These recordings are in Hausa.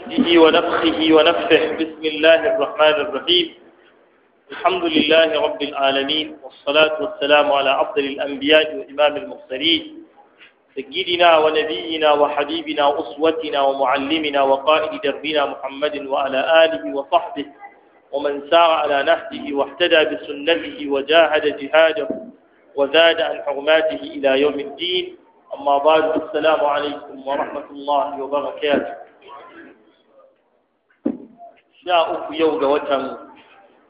حمده ونفخه ونفثه بسم الله الرحمن الرحيم الحمد لله رب العالمين والصلاة والسلام على أفضل الأنبياء وإمام المرسلين سيدنا ونبينا وحبيبنا وأسوتنا ومعلمنا وقائد دربنا محمد وعلى آله وصحبه ومن سار على نهجه واهتدى بسنته وجاهد جهاده وزاد عن حرماته إلى يوم الدين أما بعد السلام عليكم ورحمة الله وبركاته sha uku yau ga watan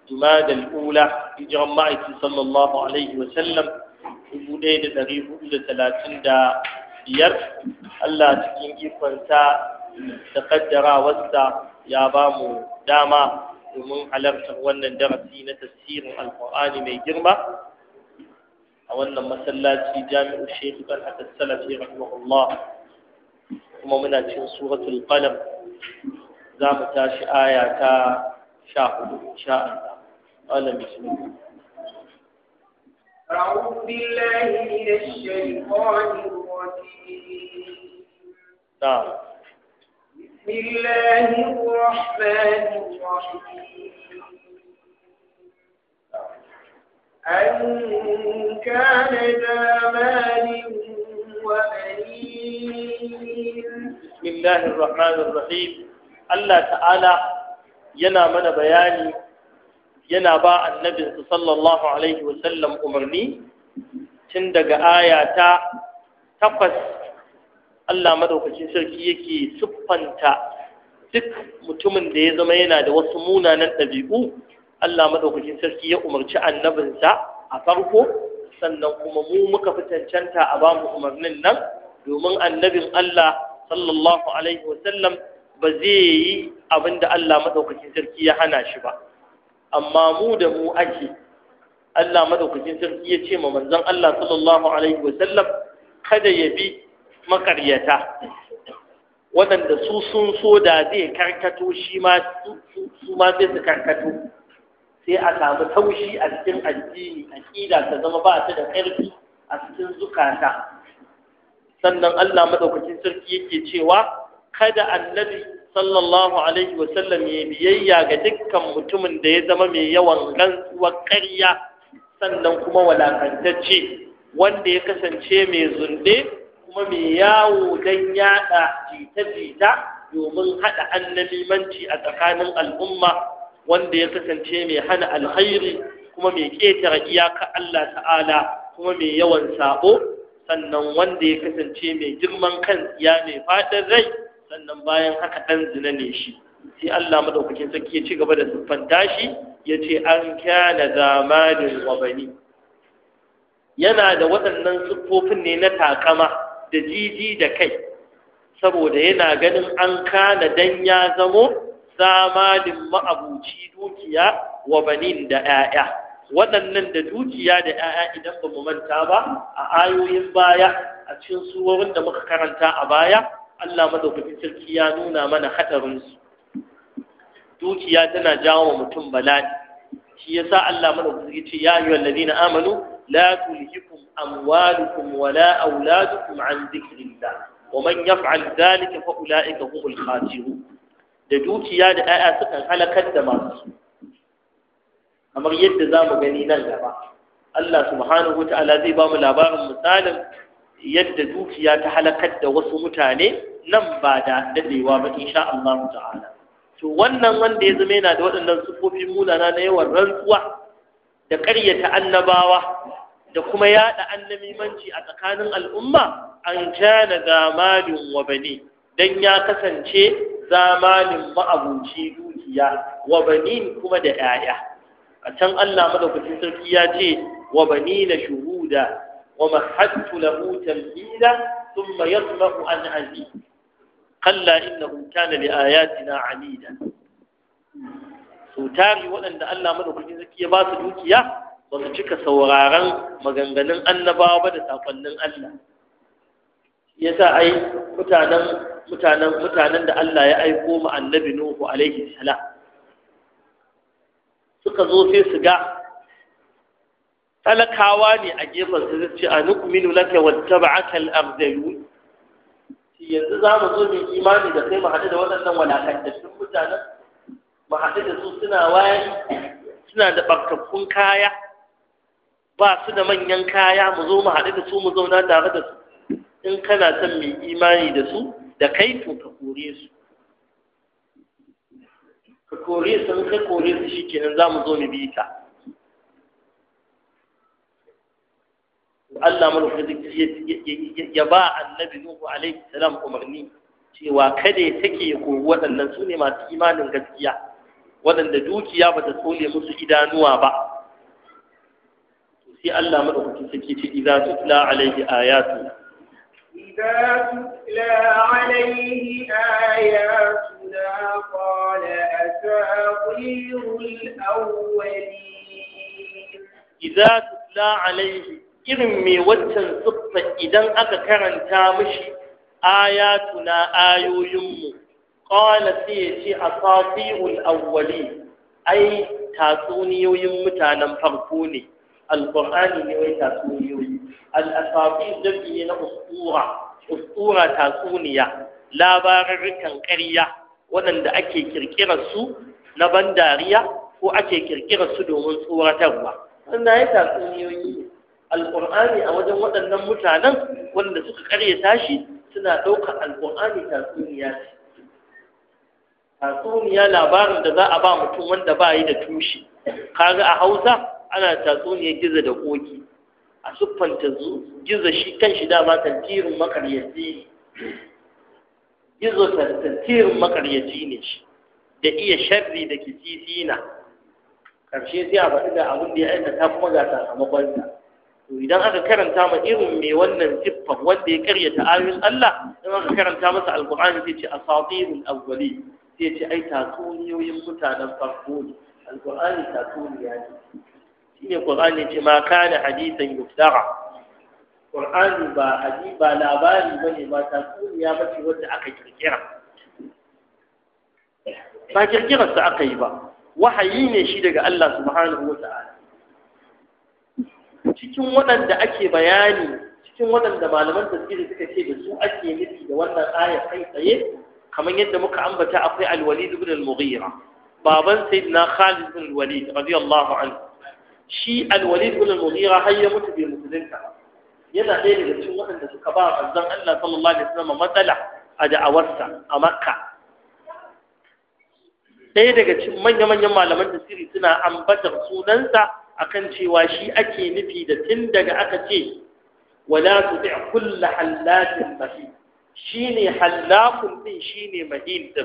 jumadal ula hijiran ma'aiki sallallahu alaihi wa sallam dubu ɗaya da ɗari hudu da talatin da biyar Allah cikin ikonsa da kaddarawarsa ya ba mu dama domin halartar wannan darasi na tafsirin alkur'ani mai girma a wannan masallaci jami'u shehu talhat salafi rahimahullah kuma muna cin suratul qalam za mu tashi aya ta sha hudu insha Allah Allah bismillah أعوذ بالله من الشيطان الرجيم نعم بسم الله الرحمن الرحيم أن كان ذا مال وبنين بسم الله الرحمن الرحيم Allah ta'ala yana mana bayani yana ba Su sallallahu alaihi wasallam umarni tun daga aya ta takwas Allah madaukakin sarki yake siffanta duk mutumin da ya zama yana da wasu munanan ɗabi'u Allah madaukakin sarki ya umarci annabinsa a farko sannan kuma mu muka fi cancanta a mu umarnin nan domin annabin Allah sallallahu alaihi wasallam ba zai yi abin da Allah maɗaukakin sarki ya hana shi ba amma mu da mu ake Allah maɗaukakin sarki ya ce ma manzon Allah sallallahu alaihi wasallam kada ya bi makaryata waɗanda su sun so da zai karkato shi ma su ma zai su karkato sai a samu taushi a cikin addini a aƙida ta zama ba ta da ƙarfi a cikin zukata sannan Allah maɗaukacin sarki yake cewa kada annabi sallallahu alaihi wasallam ya biyayya ga dukkan mutumin da ya zama mai yawan rantsuwar ƙarya sannan kuma walakantacce wanda ya kasance mai zunde kuma mai yawo don yaɗa jita-jita domin haɗa annabimanci a tsakanin al'umma wanda ya kasance mai hana alkhairi kuma mai ƙetare iyaka Allah ta'ala kuma mai yawan sabo sannan wanda ya kasance mai girman kan ya mai faɗin rai sannan bayan haka ɗan zina ne shi sai Allah madaukakin sarki ya ci gaba da siffanta shi ya ce an kyana zamanin wabani yana da waɗannan siffofin ne na takama da jiji da kai saboda yana ganin an kana dan ya zamo zamanin ma'abuci dukiya wabanin da 'ya'ya waɗannan da dukiya da 'ya'ya idan ba mu manta ba a ayoyin baya a cikin suwarin da muka karanta a baya Allah madaukakin sarki ya nuna mana hadarin su dukiya tana jawo wa mutum bala'i shi yasa Allah madaukaki ce ya ayyuhal ladina amanu la tulhikum amwalukum wala auladukum an dhikrillah wa man yaf'al dhalika fa ulaika humul khasirun da dukiya da ƴaƴa sukan halakar da masu kamar yadda za mu gani nan gaba Allah subhanahu wa ta'ala zai ba mu labarin misalin yadda dukiya ta halakar da wasu mutane nan ba da dadewa ba insha Allah ta'ala to wannan wanda ya zama yana da waɗannan sufofi munana na yawan rantsuwa da ƙaryata annabawa da kuma annabi manci a tsakanin al'umma an kana zamanin wa bani dan ya kasance zamanin ma'abuci dukiya wa bani kuma da 'ya'ya a can Allah madaukakin sarki ya ce wa bani na shuhuda wa mahattu lahu tamhila thumma yatma'u an aziz kalla innahu kana li ayatina anida sutari tari waɗanda Allah madaukakin zaki ya ba su dukiya ba su cika sauraron maganganun annabawa ba da sakonnin Allah sa ai mutanen mutanen mutanen da Allah ya aiko ma annabi Nuhu alaihi salam suka zo sai su ga talakawa ne a gefen su ce a nu'minu laka wattaba'aka al-ardayun yanzu za mu zo mai imani da kai mu haɗu da waɗannan walakantattun mutanen mu haɗu da su suna waye suna da ɓarkakkun kaya ba su da manyan kaya mu zo mu haɗu da su mu zauna tare da su in kana son mai imani da su da kai to ka kore su ka kore su in ka kore su shi kenan za mu zo mu bi ka Allah mulkin ya ba annabi Nuhu alaihi salam umarni cewa kada ya take ko waɗannan su ne masu imanin gaskiya waɗanda dukiya ba ta tsole musu idanuwa ba sai Allah madaukakin ke ce idza tula alaihi ayatu idza tutla alaihi ayatuna qala asatirul awwalin idza tutla alaihi irin mai waccan siffa idan aka karanta mishi ayatuna ayoyinmu qala sai ya ce a asatirul awwali ai tatsuniyoyin mutanen farko ne alƙur'ani ne wai tatsuniyoyi al dabi na usura usura tatsuniya labarurrukan ƙarya waɗanda ake kirkirar na ban dariya ko ake kirkirar domin tsoratarwa sannan ya tatsuniyoyi alƙur'ani a wajen waɗannan mutanen wanda suka ƙaryata tashi, suna ɗaukar alƙur'ani tatsuniya ce tatsuniya labarin da za a ba mutum wanda ba yi da tushe kaga a hausa ana tatsuniya giza da ƙoki. a siffanta giza shi kan shi dama tantirin makaryaci gizo tantirin makaryaci ne shi da iya sharri da kisisina ƙarshe sai a faɗi da abin da ya aikata kuma ga sakamakonsa to idan aka karanta ma irin mai wannan siffan wanda ya karyata ayoyin Allah idan aka karanta masa alqur'ani sai ce asatirul awwali sai ce ai tatsuniyoyin mutanen farko ne alqur'ani tatsuniya ne shine qur'ani ce ma kana hadisan yuftara qur'ani ba hadi ba labari bane ba tatsuniya bace wanda aka kirkira ba sa aka yi ba wahayi ne shi daga Allah subhanahu wa ta'ala cikin waɗanda ake bayani cikin waɗanda malaman tafsiri suka ce da su ake nufi da wannan aya kai tsaye kamar yadda muka ambata akwai al-walid ibn al-mughira baban sayyidina khalid ibn al-walid radiyallahu anhu shi al-walid ibn al-mughira har ya mutu bai musulunta yana ɗaya daga cikin waɗanda suka ba manzon Allah sallallahu alaihi wasallam matsala a da'awarsa a makka ɗaya daga cikin manya-manyan malaman tafsiri suna ambatar sunansa akan cewa shi ake nufi da tun daga aka ce wala tuti kullu hallatin mahin shine hallakun din shine mahin din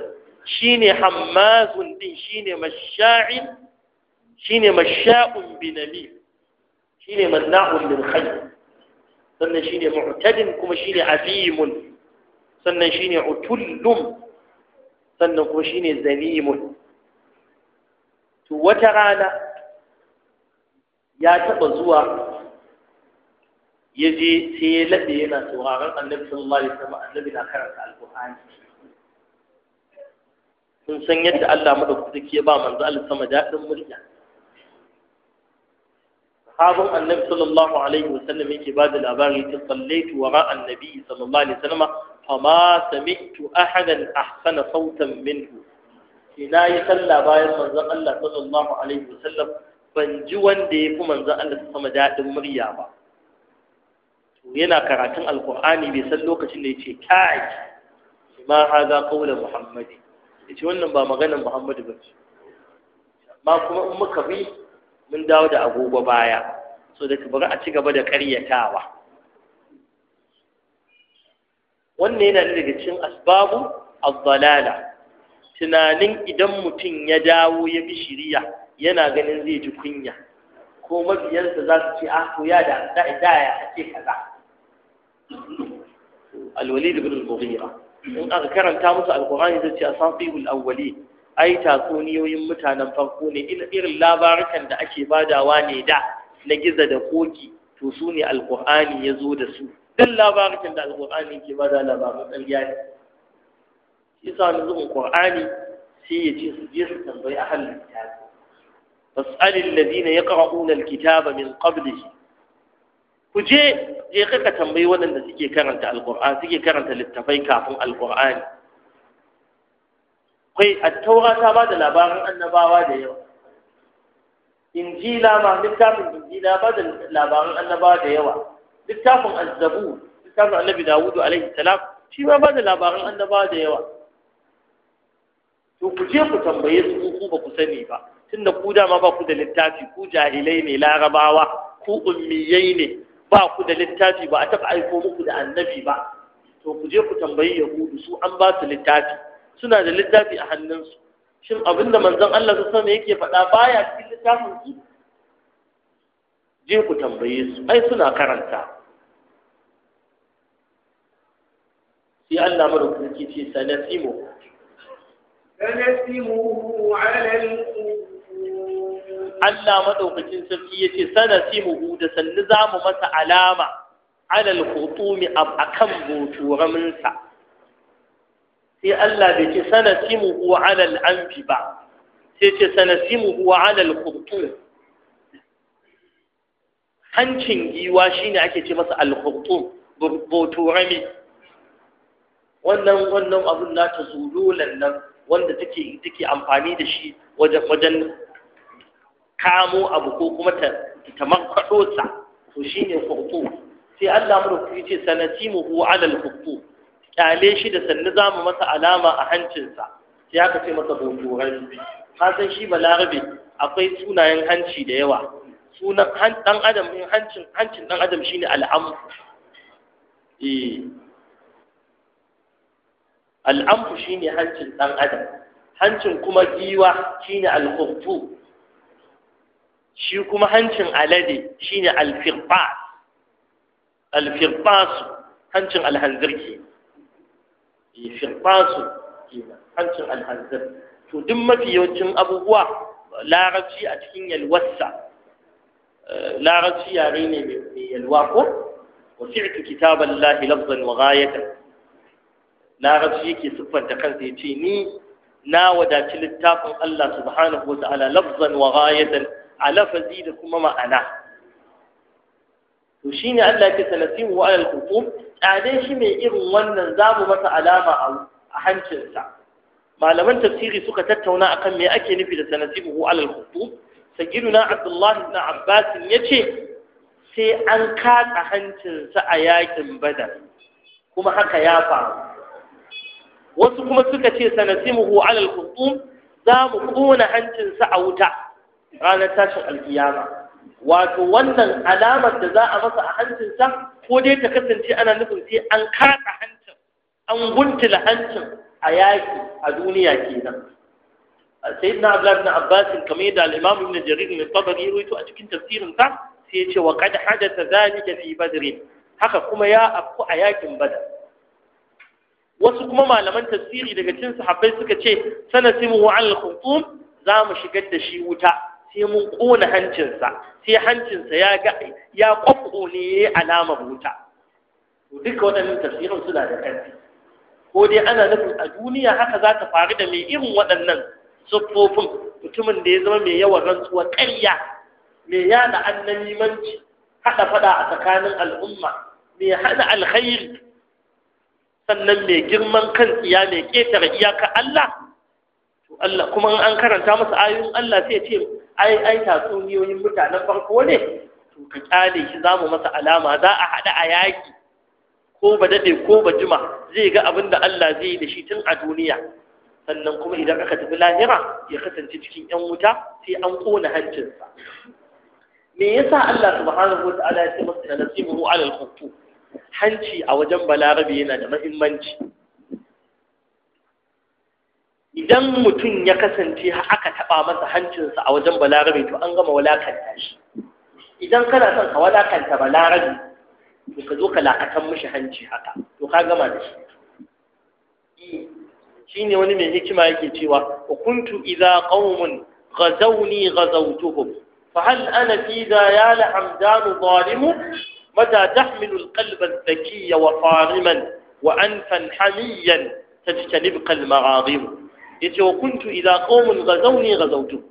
shine hammazun din shine masha'in shine masha'un binami shine manna'un lil khair sannan shine mu'tadin kuma shine azimun sannan shine utullum sannan kuma shine zalimun to wata rana ya taɓa zuwa ya je sai ya laɓe yana sauraron annabi sallallahu alaihi wasallam annabi na karanta alƙur'ani sun san yadda Allah madaukaki ya ba manzo Allah sama daɗin murya sahabin annabi sallallahu alaihi wasallam yake ba da labari ta sallaitu wa ra annabi sallallahu alaihi wasallam fama sami'tu ahadan ahsana sautan minhu ina yi sallah bayan manzon Allah sallallahu alaihi wasallam ban ji wanda ya fi manzan Allah sama daɗin murya ba yana karatun alkur'ani bai san lokacin da ya ce kai ma haza kaula muhammadi ya ce wannan ba maganar muhammadu ba ce amma kuma in muka bi mun dawo da agogo baya so da bari a ci gaba da karyatawa wannan yana daga cikin asbabu azzalala tunanin idan mutum ya dawo ya bi shiriya yana ganin zai ji kunya ko mabiyansa za su ce a ah, ko ya da da ya ce kaza al ibn al-mughira in aka karanta musu alqur'ani zai ce asafiul awwalin ai tatsuniyoyin mutanen farko ne irin labarukan da ake badawa ne da na giza da koki to su ne alqur'ani ya zo da su duk labarukan da alqur'ani ke bada labarun ƙarya ne shi sa wani zuwan ƙur'ani sai ya ce su je su tambayi a kitab fas'alil ladina yaqra'una alkitaba min qablihi ku je je ka tambayi waɗanda suke karanta Alƙur'an suke karanta littafai kafin Alƙur'ani. kai a taura ta ba da labarin annabawa da yawa injila ma littafin injila ba da labarin annabawa da yawa littafin azzabu littafin annabi dawudu alaihi salam shi ma ba da labarin annabawa da yawa to ku je ku tambaye su ku ba ku sani ba tun da ku dama ba ku da littafi ku jahilai ne larabawa ku ummiyai ne ba ku da littafi ba a taɓa aiko muku da annabi ba to ku je ku tambayi yahudu su an ba su littafi suna da littafi a hannunsu shin abinda da manzon Allah su sama yake faɗa baya cikin littafin su je ku tambaye su ai suna karanta sai Allah madaukaki ce sanasimu sanasimu ala Allah maɗaukacin sarki ya ce, yace sanasimuhu da sannu zamu masa alama alal khutumi akan boturamin sa sai Allah bai ce wa alal anfi ba sai ce wa alal khutum hancin giwa shine ake ce masa al khutum boturami wannan wannan abun na ta zululan nan wanda take take amfani da shi wajen wajen kamo abu ko kuma ta ta mankwado sa to shine khutu sai Allah mu ce mu ala al-khutu kyale shi da sannu zamu masa alama a hancinsa sai aka ce masa botoran ka san shi balarabe akwai sunayen hanci da yawa sunan dan adam in hancin hancin dan adam shine al'am eh al'amfu shine hancin dan adam hancin kuma giwa shine al-khuftu shi kuma hancin alade shine alfirbas alfirbas hancin alhanzir ke e, hancin alhanzir to duk mafi yawancin abubuwa larabci a cikin yalwarsa eh, larabci yare ne mai yalwa ko wasi'tu Lahi lafzan wa ghayatan larabci yake siffanta kansa ya ce ni na wadaci littafin Allah subhanahu wa ta'ala lafzan wa ghayatan a lafazi da kuma ma'ana to shine Allah ke Sanasimu wa alal khutub tsadan shi mai irin wannan zamu masa alama a hancinsa malaman tafsiri suka tattauna akan me ake nufi da sanasihu alal khutub sajiduna Abdullahi ibn Abbas yace sai an katsa hancinsa a yakin badar kuma haka ya faru wasu kuma suka ce sanasimuhu alal khusum za mu kona hancinsa a wuta ranar tashin alkiyama wato wannan alamar da za a masa a hancinsa ko dai ta kasance ana nufin sai an kaɗa hancin an guntula hancin a yaƙi a duniya kenan سيدنا عبد الله بن عباس كميد الإمام ابن جرير الطبري رويته أتكين تفسير صح سيتي وقد حدث ذلك في بدر haka kuma ya afku a yakin badar wasu kuma malaman tafsiri daga cikin sahabbai suka ce sanasimu wa al-khutum za mu shigar da shi wuta sai mun ƙona hancinsa sai hancinsa ya ga ya ne ya yi alama wuta duka waɗannan tafsirin suna da ƙarfi ko dai ana nufin a duniya haka za ta faru da mai irin waɗannan siffofin mutumin da ya zama mai yawan rantsuwa ƙarya mai yada annalimanci haɗa faɗa a tsakanin al'umma mai hana alkhairi sannan mai girman kan tsiya mai ƙetare iyaka Allah to Allah kuma an karanta masa ayoyin Allah sai ya ce ai ai tatsuniyoyin mutanen farko ne to ka kyale shi zamu masa alama za a hada a yaki ko ba dade ko ba jima zai ga abin da Allah zai yi da shi tun a duniya sannan kuma idan aka tafi lahira ya kasance cikin yan wuta sai an kona hancinsa me yasa Allah subhanahu wataala ya ce masa nasibuhu alal khutub hanci a wajen balarabe yana da mahimmanci. idan mutum ya kasance aka taba masa hancinsa a wajen balarabe to an gama walakanta shi idan kana son ka walakanta balarabe to ka zo ka lakatan mishi hanci haka to ka gama da shi shi ne wani mai hikima yake cewa wa kuntu idza qaumun ghazawni ghazawtuhum fa hal ana fi da ya la hamdan zalim mata tahmilu alqalba adh wa fariman wa anfan hamiyan tajtanibqa al-maraghib yace wa kuntu ga zaune ga ghazawtu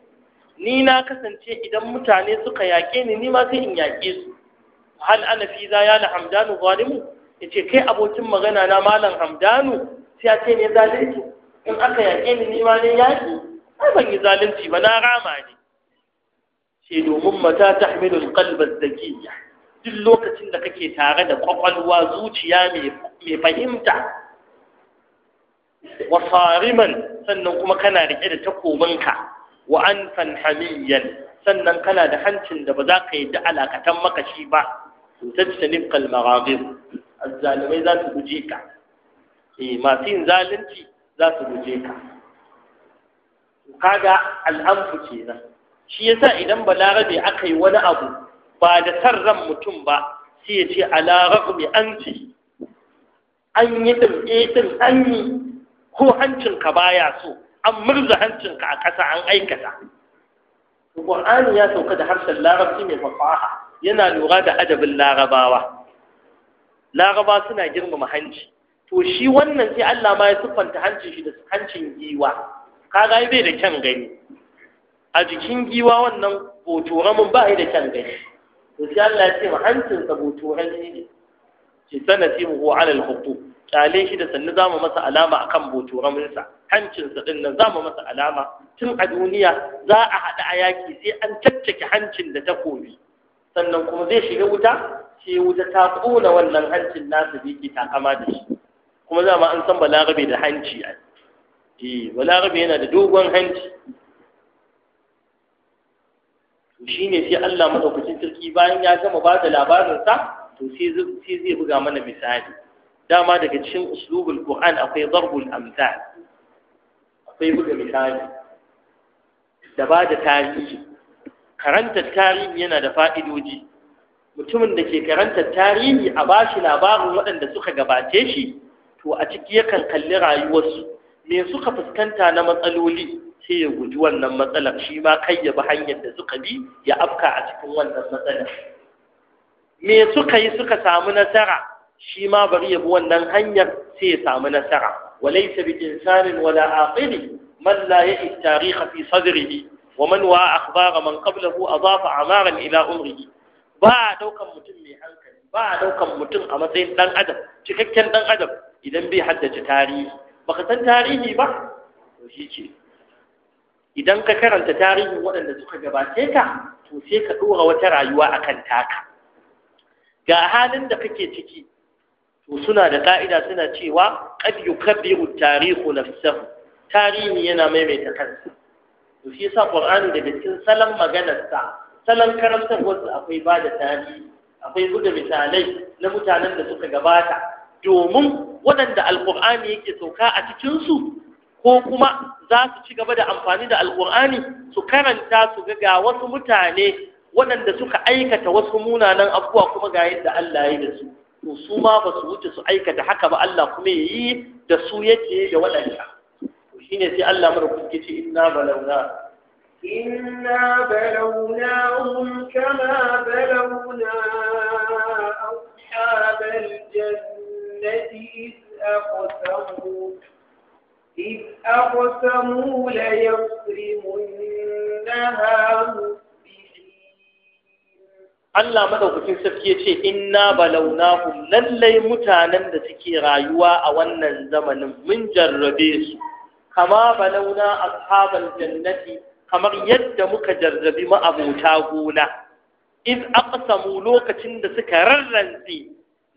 ni na kasance idan mutane suka yaƙe ni ni ma sai in yaƙe su hal ana fi za ya na hamdanu zalimu yace kai abokin magana na malam hamdanu sai ya ce ne zalunci in aka yaƙe ni ni ma yaƙi ai ban yi zalunci ba na rama ne ce domin mata tahmilul qalb da zakiyya duk lokacin da kake tare da kwakwalwa zuciya mai fahimta wa sariman sannan kuma kana riƙe da takobanka wa an fanhamiyyan sannan kana da hancin da ba za ka yi da alakatan makashi ba to tajtanib kal maghadib azzalimai za su guje ka eh masu yin zalunci za su guje ka kaga al'amfu kenan shi yasa idan balarabe aka yi wani abu ba da san ran mutum ba sai ya ce ala raghmi anti an yi ɗin eh an yi ko hancinka baya so an murza hancinka a ƙasa an aikata Qur'ani ya sauka da harshen larabci mai fasaha yana lura da adabin larabawa laraba suna girmama hanci to shi wannan sai Allah ma ya siffanta hancin shi da hancin giwa kaga bai da kyan gani a jikin giwa wannan mun ba da kyan gani to sai Allah ya ce hancin sa botoran ne ce ala al kyale shi da sannu zamu masa alama akan sa hancinsa din nan zamu masa alama tun a duniya za a haɗa a yaki sai an caccake hancin da takobi sannan kuma zai shiga wuta sai wuta ta ƙona wannan hancin nasa bi yake takama da shi kuma za ma an san balarabe da hanci a eh balarabe yana da dogon hanci to ne sai Allah madaukakin sarki bayan ya gama ba da labarinsa to sai zai buga mana misali dama daga cikin uslubul qur'an akwai darbul amsal akwai buga misali da ba da tarihi karanta tarihi yana da fa'idoji mutumin da ke karanta tarihi a bashi labarin waɗanda suka gabace shi to a ciki yakan kalli rayuwarsu me suka fuskanta na matsaloli sai ya guji wannan matsalar shi ma kai ya bi hanyar da suka bi ya afka a cikin wannan matsalar me suka yi suka samu nasara shi ma bari ya bi wannan hanyar sai ya samu nasara walaysa bi insanin wala aqili man la ya'i tarikh fi sadrihi wa man wa akhbara man qablahu adafa amaran ila umrihi ba a daukan mutum mai hankali ba a daukan mutum a matsayin dan adam cikakken dan adam idan bai haddace tarihi baka san tarihi ba to shi ce idan ka karanta tarihin waɗanda suka gabace ka to sai ka ɗora wata rayuwa akan taka ga halin da kake ciki to suna da ƙa'ida suna cewa qad yukabbiru tarihu nafsahu tarihi yana maimaita kansa to shi yasa qur'ani daga cikin salon maganarsa salon karantar wasu akwai ba da tarihi akwai buga misalai na mutanen da suka gabata domin waɗanda alƙur'ani yake sauka a cikinsu ko kuma za su ci gaba da amfani da alƙur'ani su karanta su ga wasu mutane waɗanda suka aikata wasu munanan abubuwa kuma ga yadda Allah ya da su musuma ba su wuce su aikata haka ba Allah kuma yi da su yake da wadanda to shine sai Allah mara kuke ce inna balawna inna balawna balawnahum kama balawna ashabal jannati aqsamu إذ أقسموا ليصرمنها Allah madaukakin sarki yace inna balawnahum lallai mutanen da suke rayuwa a wannan zamanin mun jarrabe su kama balauna ashabal jannati kamar yadda muka jarrabi ma'abuta gona in aqsamu lokacin da suka rarrantsi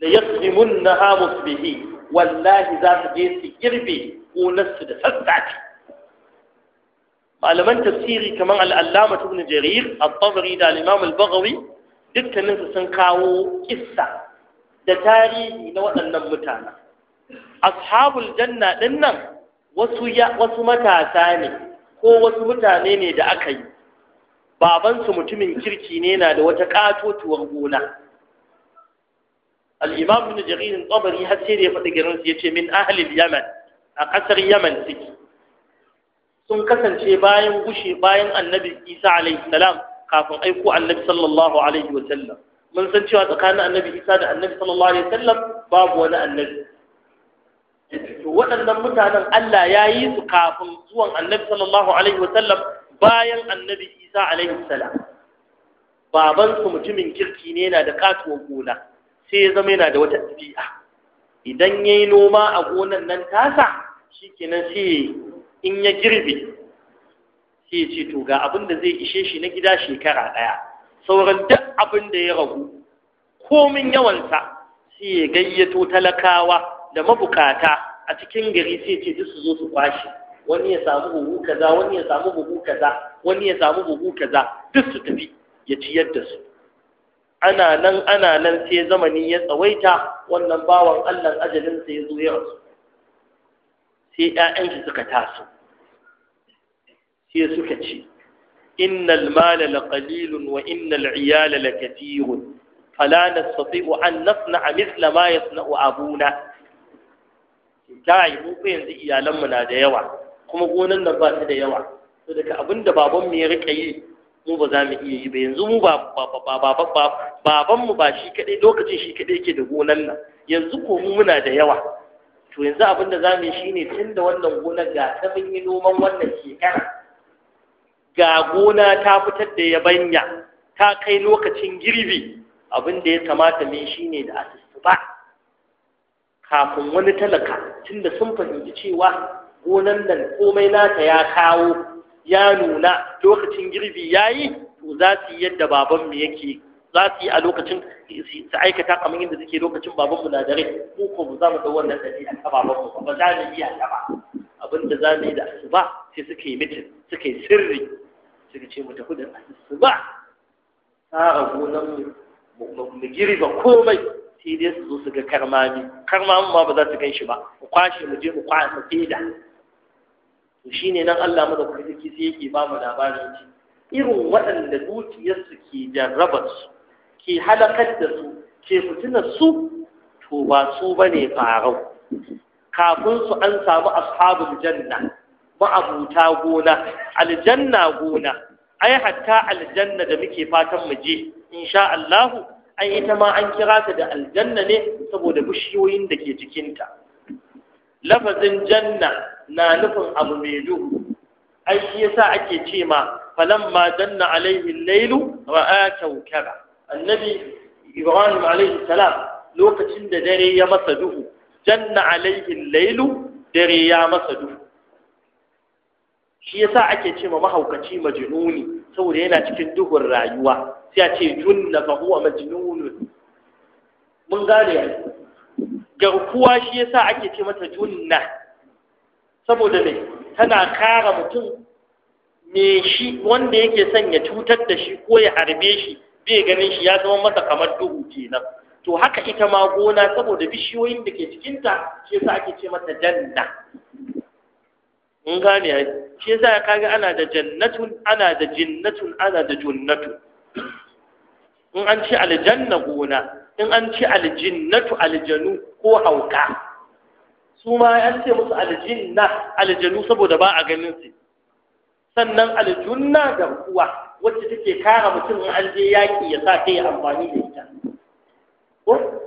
la yasrimunnaha musbihi wallahi za su je su girbe gonarsu da sassafe malaman tafsiri kamar al'allama ibn jarir al-tabari da al-imam al-baghawi dukkaninsu sun kawo kissa da tarihi na waɗannan mutanen ashabul janna ɗin nan wasu matasa ne ko wasu mutane ne da aka yi babansu mutumin kirki ne na da wata ƙatotuwar gona al-imam jaririn tsobari har sai da ya faɗi garin su ce min ahalil yaman a ƙasar yaman suke sun kasance bayan gushe bayan annabi isa alaihi kafin aiko annabi sallallahu alaihi wa sallam mun san cewa tsakanin annabi isa da annabi sallallahu alaihi wa sallam babu wani annabi to waɗannan mutanen Allah ya yi su kafin zuwan annabi sallallahu alaihi wa sallam bayan annabi isa alaihi salam baban su mutumin kirki ne yana da katuwar gona sai ya zama yana da wata ɗabi'a idan yayi noma a gonan nan tasa shikenan sai in ya girbe sai ce to ga abin da zai ishe shi na gida shekara ɗaya sauran duk abin da ya ragu komin yawansa sai ya gayyato talakawa da mabukata a cikin gari sai ce duk su zo su kwashe wani ya samu buhu kaza wani ya samu buhu kaza wani ya samu buhu kaza duk su tafi ya ciyar da su ana nan ana nan sai zamani ya tsawaita wannan bawan Allah ajalinsa ya zo ya rasu sai ƴaƴan suka taso sai suka ce innal mala la qalilun wa innal iyala la kathirun fala nastati'u an nasna'a mithla ma yasna'u abuna kai mu ko yanzu iyalan mu na da yawa kuma gonan nan ba su da yawa to daga abinda baban mu ya rika yi mu ba za mu iya yi ba yanzu mu ba baban mu ba shi kadai lokacin shi kadai yake da gonan nan yanzu ko mu muna da yawa to yanzu abinda za mu yi shine tunda wannan gonar ga ta mun yi noman wannan shekara ga gona ta fitar da yabanya ta kai lokacin girbi abin da ya kamata mai shi ne da asusuba. ba kafin wani talaka tunda sun fahimci cewa gonan nan komai nata ya kawo ya nuna lokacin girbi ya yi to za su yi yadda babanmu yake za su yi a lokacin su aikata kamar yadda suke lokacin babanmu na dare ko ko za mu da wannan a ta babanmu ba za mu iya ta ba abinda da za mu yi da asuba sai suka yi mitin suka yi sirri suka ce mu tafi da asuba tsara gonan mu girba komai sai dai su zo su ga karmami karmami ma ba za su gan shi ba mu kwashe mu je mu kwasa feda to shine nan Allah mu kuma yake sai yake ba mu labarin shi irin waɗanda dukiyarsu ke jarrabar su ke halakar da su ke fitinar su to ba su bane farau kafin su an samu ashabul janna ma'abuta gona aljanna gona ai hatta aljanna da muke fatan mu je insha Allah an ita ma an kira ta da aljanna ne saboda bishiyoyin da ke cikinta lafazin janna na nufin abu mai duhu ai shi yasa ake ce ma falamma janna alaihi lailu ra'a kawkara annabi ibrahim alaihi salam lokacin da dare ya masa duhu janna alaihi lailu dare ya masa duhu shi yasa ake cewa mahaukaci majnuni saboda yana cikin duhun rayuwa sai a ce junna fa huwa majnunun mun gane garkuwa shi yasa ake ce mata junna saboda me tana kara mutum me shi wanda yake son ya cutar da shi ko ya harbe shi bai ganin shi ya zama masa kamar duhu kenan to haka ita ma gona saboda bishiyoyin da ke cikinta shi yasa ake ce mata janna in gane ya shi kaga ana da jannatun ana da jinnatun ana da junnatu in an ci aljanna gona in an ci aljinnatu aljanu ko hauka su ma an ce musu aljinna aljanu saboda ba a ganin su sannan aljunna da kuwa wacce take kara mutum in an je yaki ya sa kai amfani da ita ko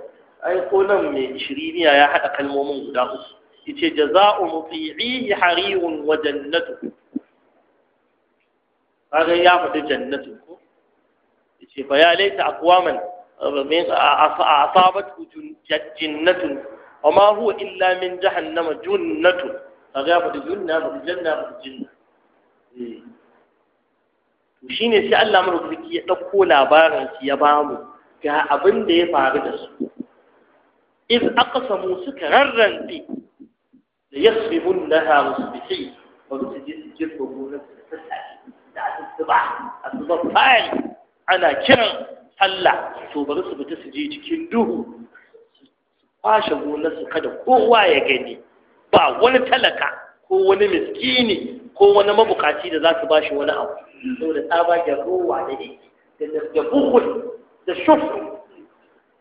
ai ko nan mai shiriniya ya haɗa kalmomin guda uku إتي جزاء مطيعيه حريم وجنته هذا يام دي جنته إتي فيا ليت أقواما أصابته جنة وما هو إلا من جهنم جنة هذا الجنة إيه. دي جنة وشين يسأل دي جنة shi ne sai Allah mara kuma ya ɗauko labarin shi ya da yasrimunnaha musbihin ba su je su girba gonar da sassafe da asuba asuba fayi ana kiran sallah to su fita su je cikin duhu su kwashe gonar su kada kowa ya gani ba wani talaka ko wani miskini ko wani mabukaci da za su ba shi wani abu saboda tsabagen ruwa da ne da bukul da shufu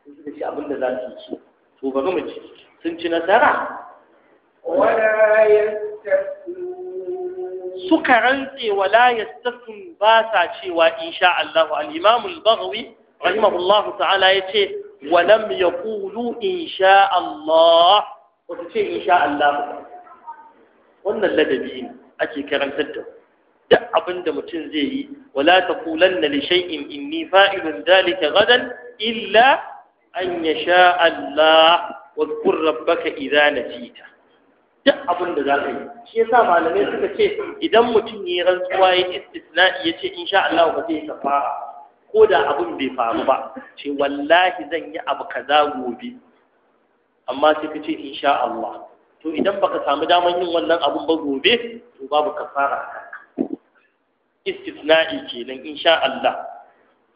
sun suka ci abin da za su ci mu ci sun ci nasara suka rantse wala yastafun ba sa cewa insha Allah al-Imam al ya ce ta'ala yace walam yaqulu insha Allah wato ce insha Allah wannan ladabi ne ake karantar da duk abin da mutum zai yi wala taqulanna li shay'in inni fa'ilun dhalika gadan illa an yasha Allah واذكر ربك إذا نسيت duk abin da za ka yi shi yasa malamai suka ce idan mutum ya yi rantsuwa ya istisna ya ce insha Allah ba zai fara, ko da abin bai faru ba ce wallahi zan yi abu kaza gobe amma sai ka ce insha Allah to idan baka samu daman yin wannan abun ba gobe to babu kafara istisna'i kenan insha Allah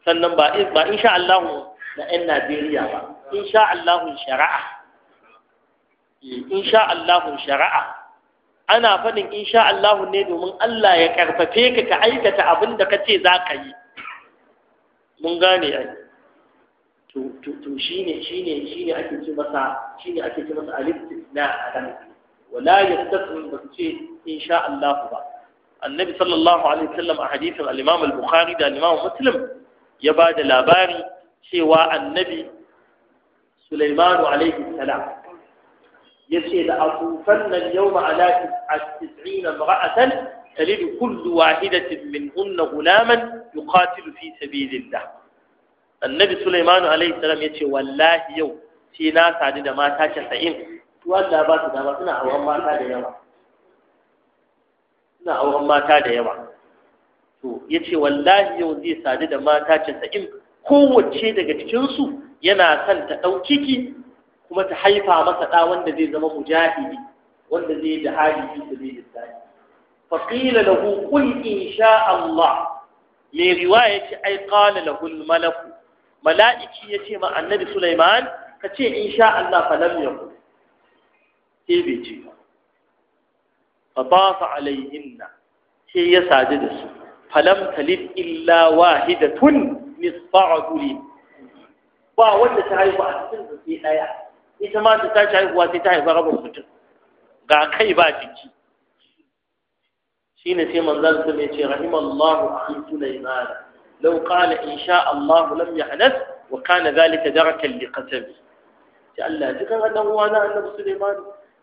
sannan ba ba insha Allah na 'yan Najeriya ba insha Allah shari'a insha Allahun shari'a ana faɗin insha Allahun ne domin Allah ya karfafe ka ka aikata abin da ka ce za ka yi mun gane ai to to shine shine shine ake ce masa shine ake ce masa alif na adam wala yastaqim ba ce insha Allah ba annabi sallallahu alaihi wasallam a hadithin al-imam al-bukhari da al-imam muslim ya ba da labari cewa annabi Sulaimanu alaihi salam yace da atufan nan yawma ala 90 imra'atan تلد كل واحدة منهن غلاما يقاتل في سبيل الله النبي سليمان عليه السلام يتي والله يوم sai na sadu da mata casa'in wanda ba su suna auren mata da yawa suna auren mata da yawa ya wallahi yau zai sadu da mata casa'in kowace daga cikinsu yana son ta ɗaukiki kuma ta haifa masa ɗa wanda zai zama mujahidi wanda zai yi jihadi fi sabilillah fa qila lahu qul insha Allah me riwaya ce ai qala lahu al-malak mala'iki yace ma annabi Sulaiman kace insha Allah fa lam yakun sai bai ce fa tafa alaihinna sai ya sadu da su falam talid illa wahidatun nisfa'u ba wanda ta haifa a cikin zuci daya ita ma ta tashi haihuwa sai ta haifa rabin mutum ga kai ba jiki shine sai manzon sun ya ce rahimallahu an sulaiman law qala in sha Allah lam yahdath wa kana zalika darakan li qasabi sai Allah ji kan dan uwa na annabi sulaiman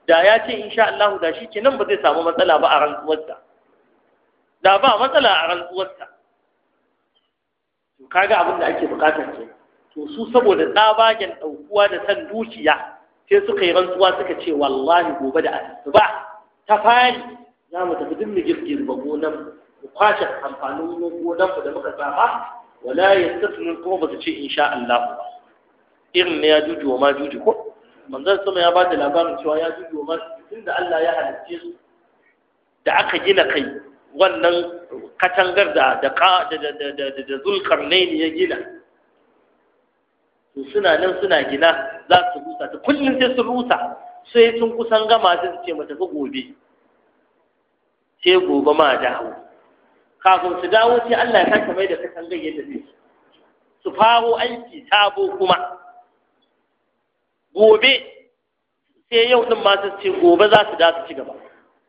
da ya ce in sha Allah da shi kenan ba zai samu matsala ba a rantsuwarsa da ba matsala a rantsuwarsa Ka kaga abin da ake bukatar kenan to su saboda tsabagen ɗaukuwa da san dukiya sai suka yi rantsuwa suka ce wallahi gobe da asuba ta fari za mu tafi duk mu girgirba gonan mu kwashe amfanin gonan mu da muka saba wala yastasmin kuma ba su ce insha Allah irin na ya juju wa ma juju ko manzon sama ya ba da labarin cewa ya juju wa ma tunda Allah ya halicce su da aka gina kai wannan katangar da da da da da zulkarnaini ya gina to suna nan suna gina za su rusa ta kullum sai sun rusa sai sun kusan gama sai su ce mata tafi gobe sai gobe ma dawo kafin su dawo sai Allah ya saka mai da katangar yadda zai su faro aiki sabo kuma gobe sai yau din ma su ce gobe za su da su ci gaba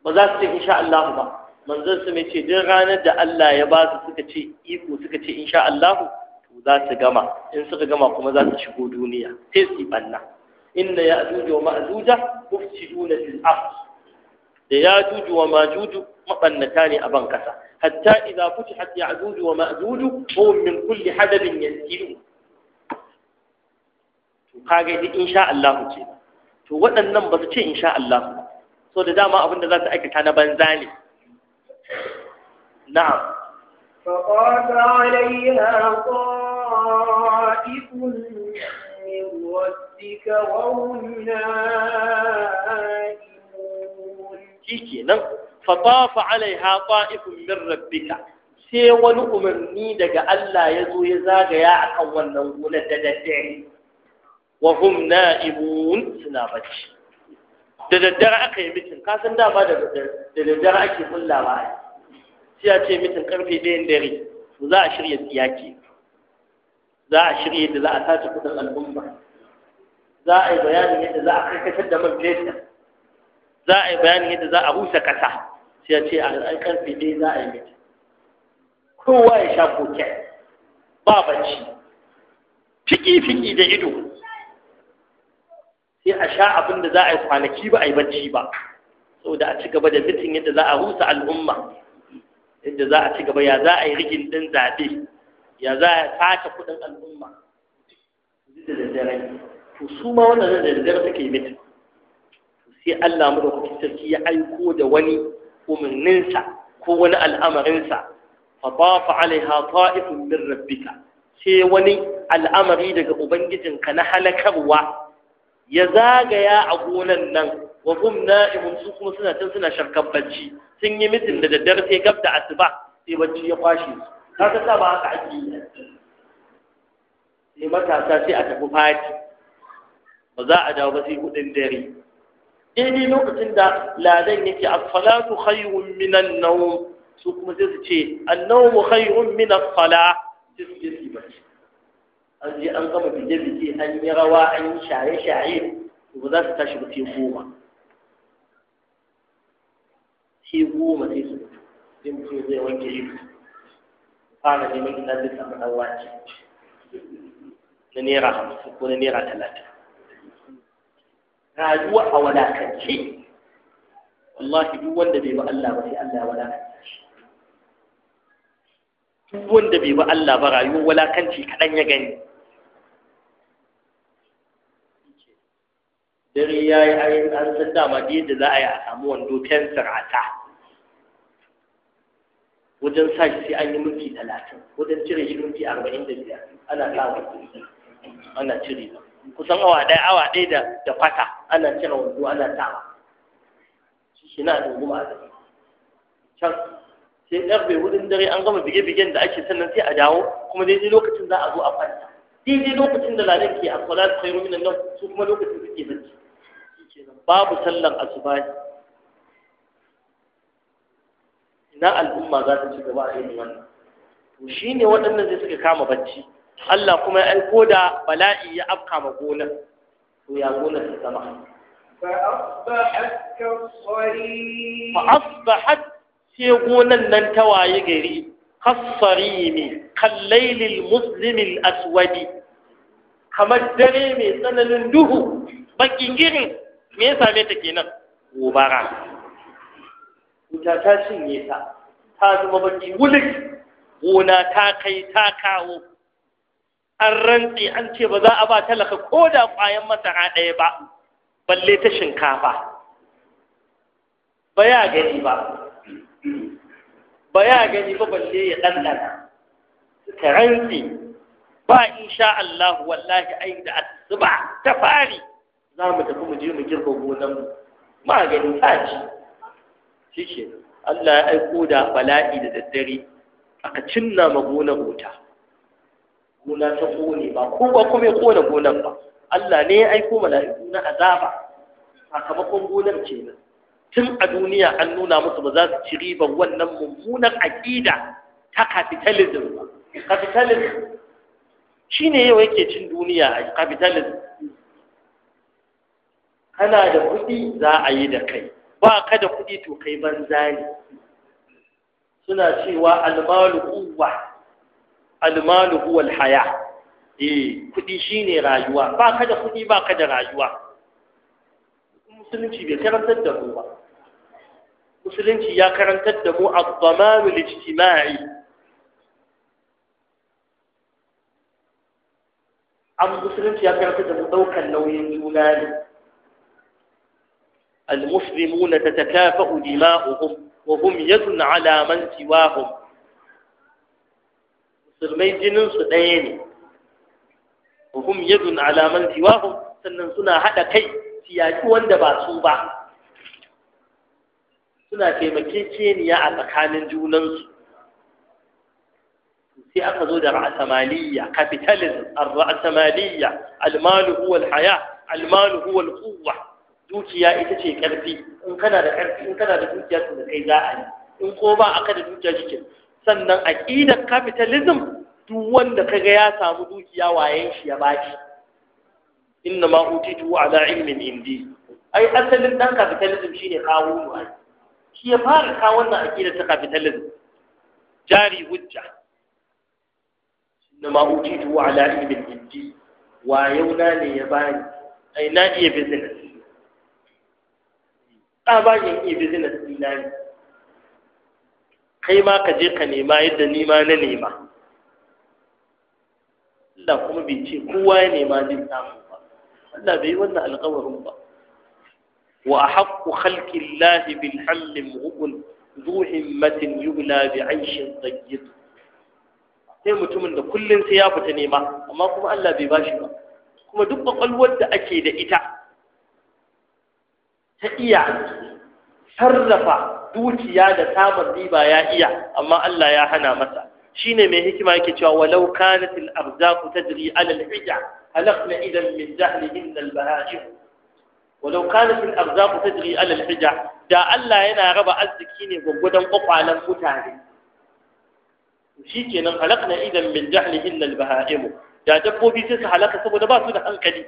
ba za su ce insha Allah ba manzon su mai ce duk ranar da Allah ya ba su suka ce iko suka ce insha Allah za su gama in suka gama kuma za su shigo duniya sai su banna inna ya'juj wa ma'juj mufsiduna fil ard da ya ya'juj wa ma'juju mabannata ne a ban kasa hatta idza futihat ya'juj wa ma'juj hum min kulli hadabin yansilun to kage din insha Allah ce to waɗannan ba su ce insha Allah so da dama abin da za su aikata na banza ne na'am فطاف عليها طائف من ربك وهم نائمون فطاف عليها طائف من ربك sai wani umarni daga Allah ya zo ya zagaya a kan wannan gonar da daddare wa hum na'ibun suna bacci da daddare aka yi mitin kasan da dama da daddare ake kullawa ba. sai a ce mitin karfe ɗayan dare to za a shirya tsiyaki za a shirya yadda za a sace kudin al'umma za a yi bayanin yadda za a karkashar da man fetur za a yi bayanin yadda za a rusa ƙasa sai a ce a karfe ɗaya za a yi mitin kowa ya sha koken ba bacci fiki-fiki da ido sai a sha abin da za a yi kwanaki ba a yi bacci ba saboda a ci gaba da mitin yadda za a rusa al'umma inda za a ci gaba ya za a yi rigin din zaɓe ya za a sace kuɗin al'umma da daddare to su ma wannan da daddare suke yi mita sai Allah mu da kuke sarki ya aiko da wani umarninsa ko wani al'amarinsa fa tafa alaiha ta'ifun min rabbika sai wani al'amari daga ubangijinka na halakarwa ya zagaya a gonan nan wa hum na'imun su kuma suna can suna sharkar bacci sun yi mitin da daddare sai gab da asuba sai bacci ya kwashe su ka ga sa ba haka ake yi sai matasa sai a tafi fati ba za a dawo ba sai hudun dare daidai lokacin da ladan yake as-salatu khayrun min an-nawm su kuma sai su ce an-nawm khayrun min as-salah sai su je su bacci an je an gama bige-bige an yi rawa an yi shaye-shaye to ba za su tashi ba sai goma shi goma ne su sai mutum zai wanke yi fara neman ina zai samu ɗan na naira hamsin ko na naira talatin rayuwa a wadatacce wallahi duk wanda bai bi Allah ba sai Allah ya wadatacce duk wanda bai bi Allah ba rayuwar walakanci kaɗan ya gani dare ya yi an san dama da yadda za a yi a samu wando fensir a ta wajen sa shi sai an yi mulki talatin wajen cire shi mulki arba'in da biyar ana kawo ana cire kusan awa ɗaya awa ɗaya da da fata ana cire wando ana tawa shi na dogon goma a can sai karfe wurin dare an gama bige-bigen da ake sannan sai a dawo kuma daidai lokacin za a zo a kwanta daidai lokacin da lalai ke a kwalar sai ruminan nan su kuma lokacin suke bacci babu sallar asubahi ina al'umma za ta ci gaba a irin wannan to shine waɗannan zai suka kama bacci Allah kuma ya aiko da bala'i ya afka ma gonar to ya gonar ta zama فأصبحت sai gonan nan ta waye gari kassari ne kallailil muslimil aswadi kamar dare mai tsananin duhu bakin girin me ya same ta kenan gobara wuta ta cinye ta ta zama baki wulik gona ta kai ta kawo an rantse an ce ba za a ba talaka ko da ƙwayan masara ɗaya ba balle ta shinkafa ba ya gani ba ba ya gani ba balle ya ɗanɗana Ta rantse ba in sha Allah wallahi ai da asuba ta fari za mu tafi mu je mu girbe gonan mu magani ta ci shi Allah ya aiko da bala'i da daddare aka cinna ma gonar wuta gona ta kone ba ko ba kuma ya kone gonar ba Allah ne ya aiko mala'iku na azaba sakamakon gonar kenan tun a duniya an nuna musu ba za su ci ribar wannan mummunar aƙida ta capitalism ba capitalism shi ne yau yake cin duniya a capitalism kana da kuɗi za a yi da kai ba ka da kuɗi to kai banza ne suna cewa almalu kuwa almalu huwa alhaya eh kuɗi shine rayuwa ba ka da kuɗi ba ka da rayuwa musulunci bai karantar da mu ba musulunci ya karantar da mu ad-damanu al-ijtima'i musulunci ya karantar da mu ɗaukar nauyin juna ne المسلمون تتكافأ دماؤهم وهم يد على من سواهم musulmai jinin su ɗaya ne وهم يد على من سواهم sannan suna haɗa kai su yaƙi wanda ba su ba suna taimakekeniya a tsakanin junansu sai aka zo da ra'asamaliya capitalism ar-ra'asamaliya al-malu huwa al-haya al huwa al-quwwa dukiya ita ce ƙarfi in kana da ƙarfi in kana da dukiya to da kai za a yi in ko ba aka da dukiya shi sannan aqidar capitalism duk wanda kaga ya samu dukiya wayen shi ya baki inna ma utitu ala ilmin indi ai asalin dan capitalism shine kawo mu ai shi ya fara kawo wannan aqida ta capitalism jari hujja inna ma utitu ala ilmin indi na ne ya bani ai na iya business tsabagen iya business dina ne kai ma ka je ka nema yadda nima na nema Allah kuma bai ce kowa ya nema zai samu ba Allah bai yi wannan alƙawarin ba wa haqqu khalqi lahi bin hammi mu'min zuhin himmatin yubla bi aishin tayyib sai mutumin da kullum sai ya fita nema amma kuma Allah bai bashi ba kuma duk kwakwalwar da ake da ita ta iya sarrafa dukiya da samun riba ya iya amma Allah ya hana masa shine mai hikima yake cewa walau kanat al arzaqu tajri ala al hija halaqna idan min jahlihin al bahajim walau kanat al arzaqu tajri ala al hija da Allah yana raba arziki ne gwagwadon kwakwalan mutane shikenan halaqna idan min jahlihin al bahajim da dabbobi sai su halaka saboda ba su da hankali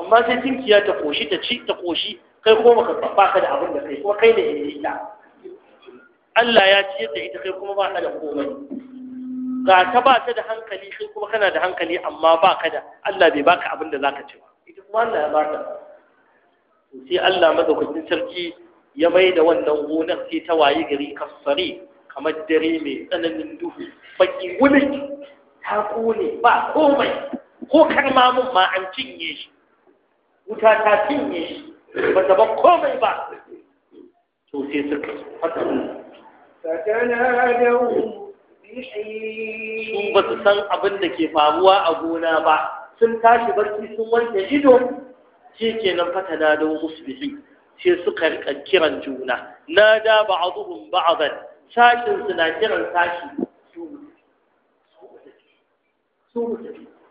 amma sai tinkiya ta koshi ta ci ta koshi kai kuma ka ba ka da abin da kai kuma kai ne ya yi Allah ya ci da ita kai kuma ba ka da komai ga ta ba ta da hankali kai kuma kana da hankali amma ba ka da Allah bai baka abin da zaka ci ba ita kuma Allah ya baka sai Allah madaukakin sarki ya mai da wannan gonar sai ta waye gari kasare kamar dare mai tsananin duhu baki wulin ta kone ba komai ko karma mun ma an cinye shi wuta ta cinye shi ba ta ba komai ba to sai suka su ba su san abin da ke faruwa a gona ba sun tashi barci sun wanke ido shi fata na da muslimin sai suka rika kiran juna na da a zan sashin su na kiran sashi su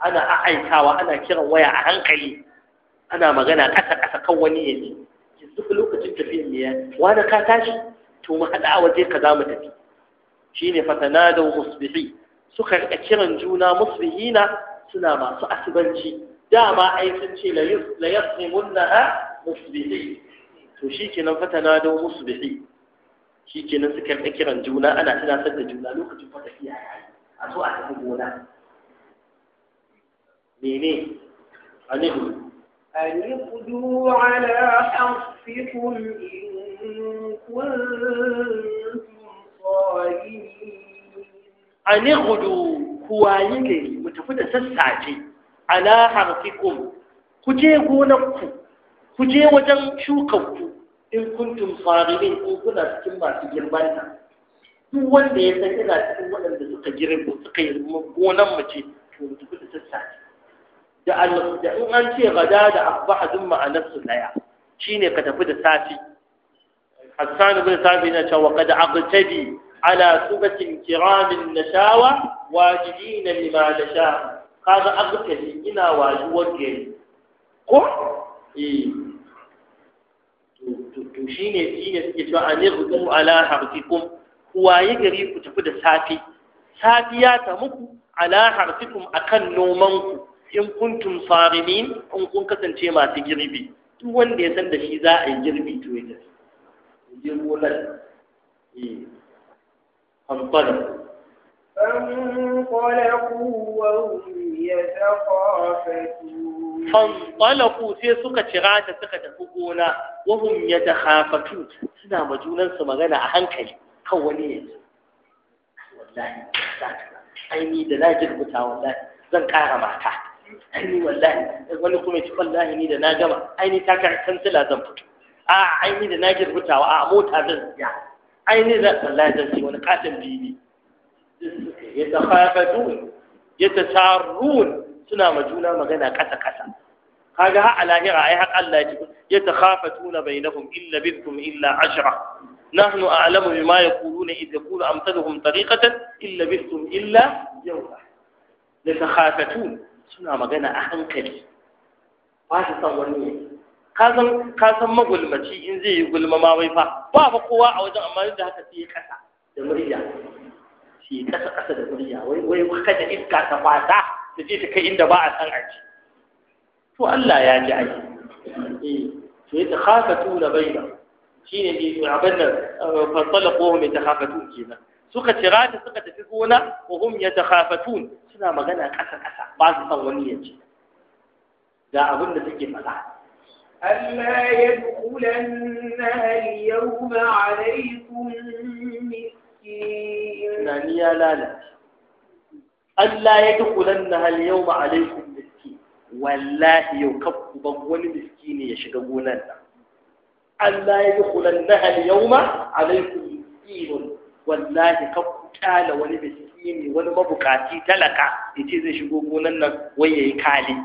ana aikawa ana kiran waya a hankali ana magana ƙasa ƙasa kan wani ya ji duk lokacin tafiyan ne ya wani ka tashi to mu haɗa a waje ka za mu tafi Shi ne shine fatanadaw musbihi suka rika kiran juna musbihina suna masu asibanci dama ai sun ce la yasrimunnaha musbihi to shi kenan shikenan fatanadaw musbihi shikenan suka rika kiran juna ana tunatar da juna lokacin fa tafiya a so a tafi gona mene anihu أن اغدوا على حرفكم إن كنتم صارمين أن اغدوا كوالي متفوت سساجي على حرفكم كجي je كجي وجن شوكوكم in kuntum sarimin in kuna cikin masu girman ta. duk wanda ya san ina cikin waɗanda suka girma suka yi gonan mace to mutu da sassace. da da in an ce gada da asbaha duk ma'anarsu daya shine ka tafi da safi Hassan ibn Sabi na cewa kad aqtabi ala subatin kiramin nashawa wajidina lima nasha kaga aqtabi ina wajuwar gari ko eh to to shine shine suke cewa anigdu ala harfikum waye gari ku tafi da safi safiya ta muku ala harfikum akan nomanku in kuntum sarimin in kun kasance masu girbi duk wanda ya san da shi za a yi girbi to ya tafi girbo nan hankalin fanfalaku sai suka cira ta suka tafi gona wahun ya ta hafatu suna ma junansu magana a hankali kan wani yanzu wallahi ai ni da na girbuta wallahi zan ƙara mata ai wallahi wani kuma ya ci wallahi ni da na gama aini ta kai kansila zan fito a aini da na girbutawa a mota zan siya ai da wallahi zan ci wani katin bibi ya tafafatun ya tasarrun suna ma juna magana kasa kasa kaga har a lahira ai har Allah ya ce ya takhafatuna bainahum illa bikum illa ashra nahnu a'lamu bima yaquluna idh yaqulu amsaluhum tariqatan illa bikum illa yawma la takhafatuna suna magana a hankali ba su san wani ne ka san magulmaci in zai yi gulma ma wai fa ba fa kowa a wajen amma yadda haka sai kasa da murya sai kasa kasa da murya wai wai kada iska ta fata ta je ta kai inda ba a san aji to Allah ya ji aji eh to ya takhafatuna bainahum shine ne abin nan eh, fa talaqohum yatakhafatun kenan suka cira ta suka tafi gona wa hum ya takhafatun suna magana kasa kasa ba su san wani yace ga abin da take faɗa alla yadkhulanna al-yawma alaykum miskin nani ya lalace alla yadkhulanna al-yawma alaykum miskin wallahi yau kabban wani miskini ya shiga gonar nan alla yadkhulanna al-yawma alaykum miskin wallahi ka kutala wani miskini wani mabukaci talaka yace zai shigo gonan nan wai yayi kali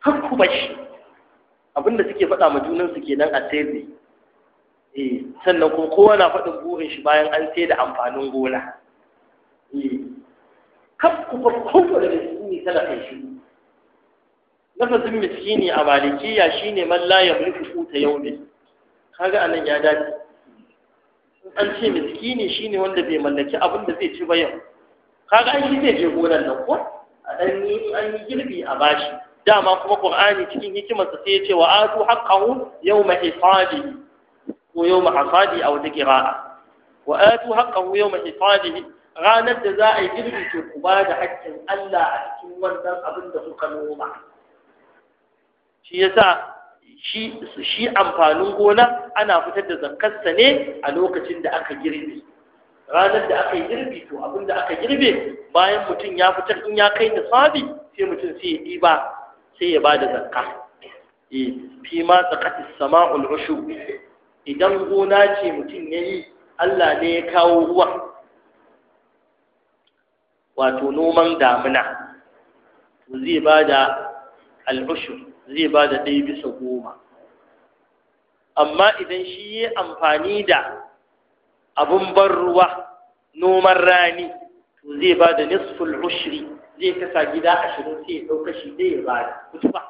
har ku bashi abinda suke faɗa ma junan su kenan a sai eh sannan kuma kowa na faɗin burin shi bayan an sai da amfanin gona eh kar ku bar kowane miskini talaka shi lafazin miskini a malikiya shine man la yamliku quta yawmin kaga anan ya dace an ce miskini shine wanda bai mallaki abin da zai ci ba yau kaga an yi zai je gonan nan ko an yi an yi girbi a bashi dama kuma qur'ani cikin hikimarsa sai ya ce wa atu haqqahu yawma hisadi ko yawma hasadi a wata qira'a wa atu haqqahu yawma hisadihi ranar da za a yi girbi ke ku ba da haƙƙin Allah a cikin wannan abin da kuka noma shi yasa shi amfanin gona ana fitar da zakarsa ne a lokacin da aka girbe ranar da aka yi girbi to abin da aka girbe bayan mutum ya fitar in ya kai nisabi sai mutum sai ya ɗiba sai ya bada zakka E, fi ma zakati sama'ul ushu idan gona ce mutum ya yi Allah ne ya kawo ruwa wato noman damina to zai da albashu. zai ba da ɗaya bisa goma amma idan shi ya amfani da abin ban ruwa noman rani to zai ba da nisful ushri zai kasa gida ashirin sai ya ɗauka shi zai ya da kutuba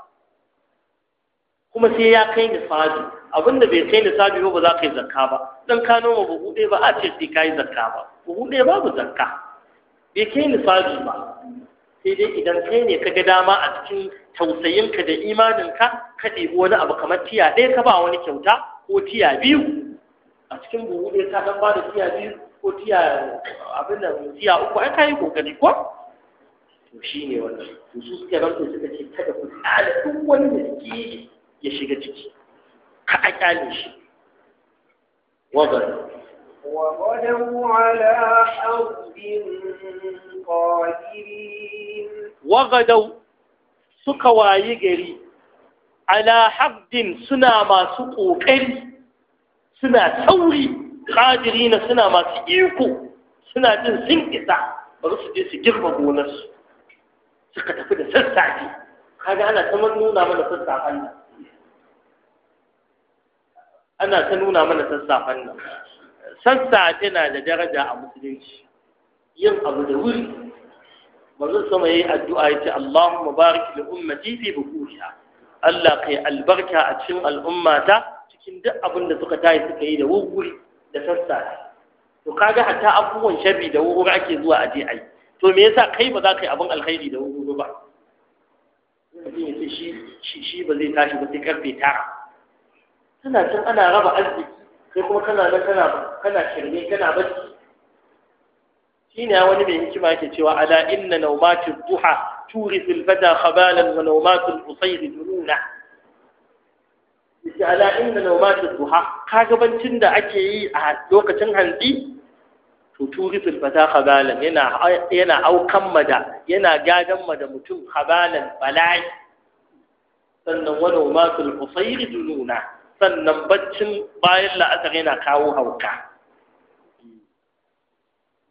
kuma sai ya kai nisabi abinda bai kai ni ba ba za ka yi zakka ba dan ka noma buhu ɗaya ba a ce sai ka yi zakka ba buhu ɗaya babu zakka bai kai nisabi ba sai dai idan kai ne ka ga dama a cikin tausayinka da imaninka ka ɗebi wani abu kamar tiya ɗaya ka ba wani kyauta ko tiya biyu a cikin buhu ɗaya ka ɗan ba da tiya biyu ko tiya abin da tiya uku ai ka yi ƙoƙari ko to shi ne wannan to su suka rantsa suka ce kada ku tsala duk wani miskini ya shiga ciki ka a kyale shi wagar وغدوا على حرد قادرين وغدوا سكواي جري على حرد سنا ما سقوا كري سنا ثوري قادرين سنا ما سيكو سنا جن سنكتا بغس جي سجرب بونس سكتا فدا سرسعتي هذا أنا تمنونا من سرسع فنة أنا تنونا من سرسع فنة sassafe na da daraja a musulunci yin abu da wuri manzon sama yayi addu'a yace Allahumma barik li ummati fi bukuriha Allah kai albarka a cikin al'ummata cikin duk abin da suka tayi suka yi da wuri da sassafe to kaga hatta abubuwan sharri da wuri ake zuwa a je ai to me yasa kai ba za ka yi abin alkhairi da wuri ba shi shi ba zai tashi ba sai karfe tara Suna can ana raba arziki sai kuma kana nan kana kana shirme kana bacci ne wani mai hikima yake cewa ala inna nawmatu duha turi fil fada khabalan wa nawmatu al-usayr dununa yace ala inna nawmatu duha kagabancin da ake yi a lokacin hanzi? to turi fil fada khabalan yana yana aukan mada yana gagan mada mutum khabalan bala'i sannan wa nawmatu al-usayr dununa sannan baccin bayan la'asar yana kawo hauka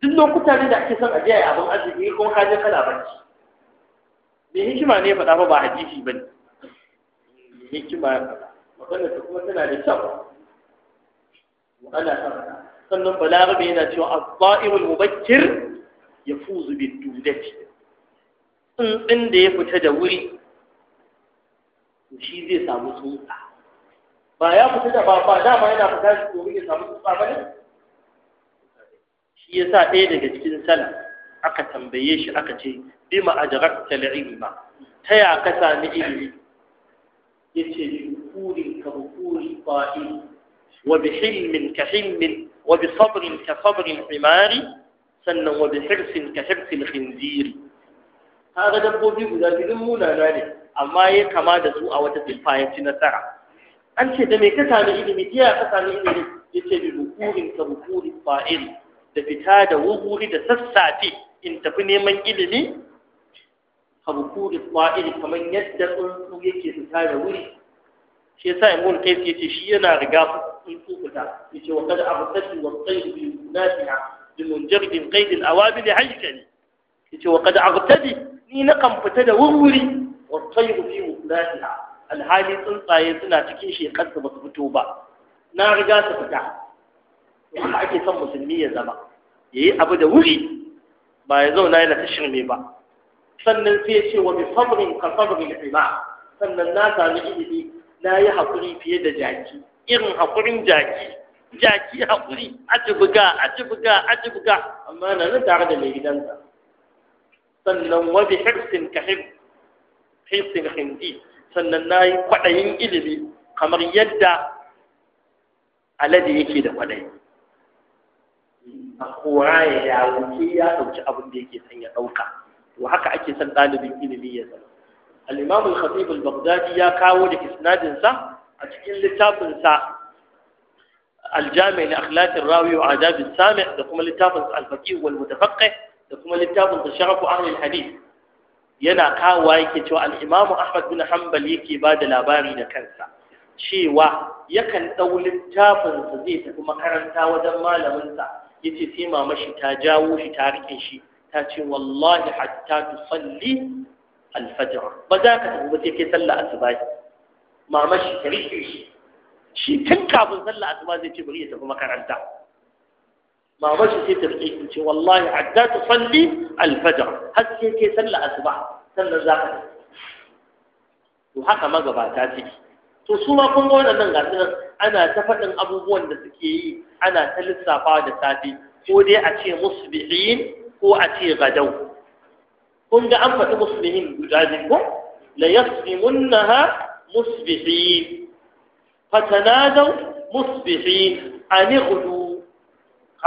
duk lokuta ne da ake son a jiya abin arziki kuma ka kana bacci me hikima ne faɗa ba ba hadisi Me hikima ya faɗa maganar ta kuma tana da kyau ana faɗa sannan balarabe yana cewa az-za'irul mubakkir yafuzu bi dudati tsuntsun da ya fita da wuri shi zai samu tsuntsa ba ya fita da ba ba dama yana fita shi domin ya samu tsufa ba ne shi ya sa ɗaya daga cikin salaf aka tambaye shi aka ce bima ajrakta al ba ta ya ka sami ilimi Ya bi kurin ka kuri fa'il wa bi hilmin ka hilmin wa bi sabrin ka sabrin Imari. sannan wa bi hirsin ka hirsin khinziri ga dabbobi guda biyu munana ne amma ya kama da su a wata siffa ya ci nasara an ce da me ka sami ilimi jiya ka sami ilimi ya ce bi rukurin ka rukurin fa'il da fita da wuri da sassafe in tafi neman ilimi ka rukurin fa'il kamar yadda tsuntsu yake fita da wuri shi ya sa yasa kai kais ce shi yana riga tsuntsu fita yace wa kada abtati wa tsayd bi nasiha bi munjarid qaid al awabil haykali ce wa kada abtati ni na kan fita da wuri wa biyu bi nasiha alhali tsuntsaye suna cikin shekar su ba su fito ba na riga su fita haka ake son musulmi ya zama ya yi abu da wuri ba ya zauna yana ta shirme ba sannan sai ya ce wa bisabrin ka sabrin hima sannan na sami ilimi na yi haƙuri fiye da jaki irin haƙurin jaki jaki haƙuri a ci buga a buga a buga amma na nan tare da mai gidansa sannan wa bi hirsin ka hirsin hindi sannan na yi kwaɗayin ilimi kamar yadda alade yake da kwaɗayi a kora ya yawuce ya ɗauki abin da yake son ya ɗauka to haka ake son ɗalibin ilimi ya zama al-imam baghdadi ya kawo da isnadin a cikin littafinsa sa al-jami' li akhlaq ar-rawi wa adab as-sami' da kuma littafin al-faqih wal mutafaqqih da kuma littafin sharafu ahli al yana kawowa yake cewa al'imamu ahmad bin hanbal yake ba da labari da kansa cewa yakan ɗau littafinsa zai tafi makaranta wajen malaminsa ya ce sai mama ta jawo shi ta riƙe shi ta ce wallahi hatta tu salli alfajr ba za ka tafi ba sai kai sallah asuba mama shi ta riƙe shi shi tun kafin sallah asuba zai ce bari ya tafi makaranta ما وجه تفكيك شيء والله حتى تصلي الفجر حتى كي صلى أصبح صلى زاهر وحكى ما قبعتها تيجي to su ma kun ga waɗannan gasu ana ta faɗin abubuwan da suke yi ana ta lissafa da safe ko dai a ce musbihin ko a ce gadau kun ga an faɗi musbihin guda biyu ko la yasrimunnaha musbihin fatanadaw musbihin an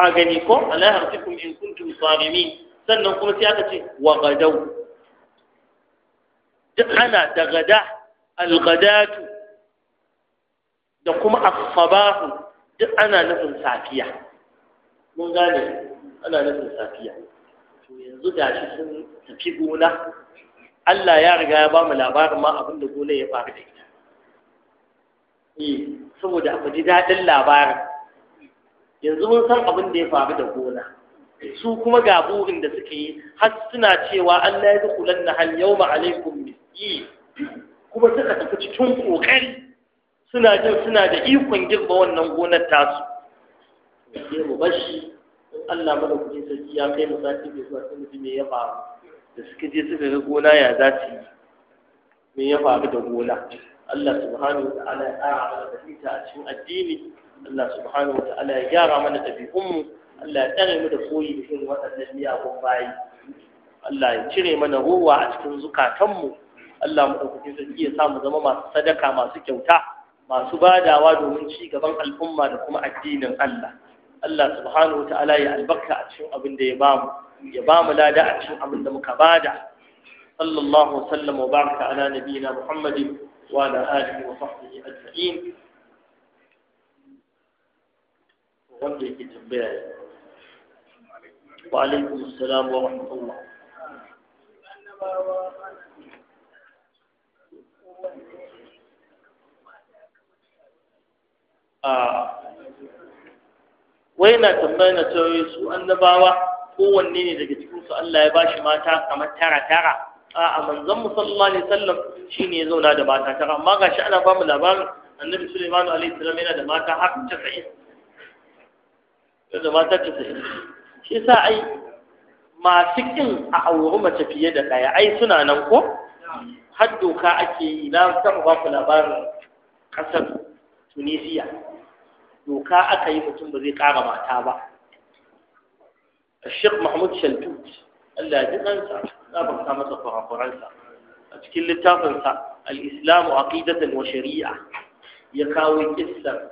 a gani ko ya yarsikum in kuntum zalimin sannan kuma sai aka ce wa gadau duk ana da gada algadatu da kuma asabahu duk ana nufin safiya mun gane ana nufin safiya to yanzu gashi sun tafi gona Allah ya riga ya ba mu labarin ma abin da gona ya faru da ita eh saboda a ji daɗin labarin yanzu mun san abin da ya faru da gona su kuma ga burin da suke yi har suna cewa Allah ya dukulan na hal yau alaikum miski kuma suka tafi cikin kokari suna jin suna da ikon girba wannan gonar tasu sai mu bashi Allah madaukakin sarki ya kai mu bai zuwa sai me ya faru da suka je suka ga gona ya za su yi me ya faru da gona Allah subhanahu wa ta'ala ya tsara mana da a cikin addini Allah subhanahu wa ta'ala ya gyara mana mu. Allah ya tsare mu da koyi da irin waɗannan miyagun bayi Allah ya cire mana ruwa a cikin mu. Allah mu ɗaukakin sa ya samu zama masu sadaka masu kyauta masu badawa domin ci gaban al'umma da kuma addinin Allah Allah subhanahu wa ta'ala ya albarka a cikin abin da ya bamu ya bamu lada a cikin abin da muka bada sallallahu alaihi wa sallam wa baraka ala nabiyina Muhammadin وعلى آله وصحبه أجمعين wanda yake tambaya ya wa alaikum wa rahmatullah a wai na tambaya na cewa su annabawa kowanne ne daga cikin su Allah ya bashi mata kamar tara tara a'a manzon mu sallallahu sallam wasallam shine ya zauna da mata tara amma gashi ana ba mu labarin annabi Suleiman alaihi salam yana da mata har 90 da mata casa'in shi yasa ai masu kin a auri mace fiye da ɗaya ai suna nan ko har doka ake yi na taɓa ba ku labarin ƙasar tunisiya doka aka yi mutum ba zai ƙara mata ba Sheikh Mahmud shaltut Allah ji ɗansa za ba sa masa kurakuransa a cikin littafinsa al'islamu a ƙidatan wa shari'a ya kawo kissar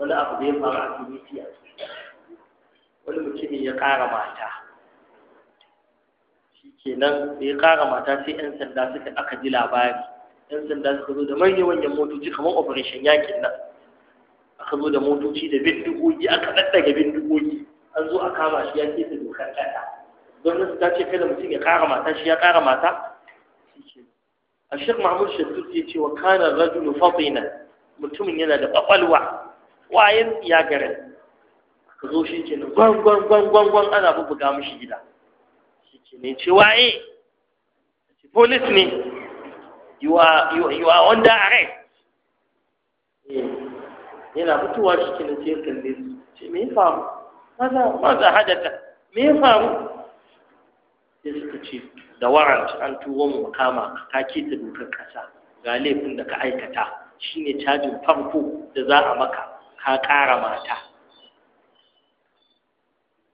wani abu da ya faru a tunisiya wani mutum ya ƙara mata kenan da ya ƙara mata sai 'yan sanda suka aka ji labari 'yan sanda suka zo da manya-manyan motoci kamar operation yakin nan aka zo da motoci da bindigogi aka ɗaɗɗaga bindigogi an zo a kama shi ya keta dokar ƙasa gwamnati ta ce kada mutum ya ƙara mata shi ya ƙara mata a shek mahmud shattu ya ce wa kanar rajulu fatina mutumin yana da ƙwaƙwalwa wayan ya garin ka zo shi ke nan gwangwan gwangwan gwang ana bubbuga mishi gida shi ke ne ce waye polis ne yiwa wanda a rai under arrest eh, yana fitowa shi ke nan ce kalle ce me ya faru maza maza hadata me ya faru sai suka ce da warrant an tuwo mu makama ka keta dokar kasa ga laifin da ka aikata shine cajin farko da za a maka ka ƙara mata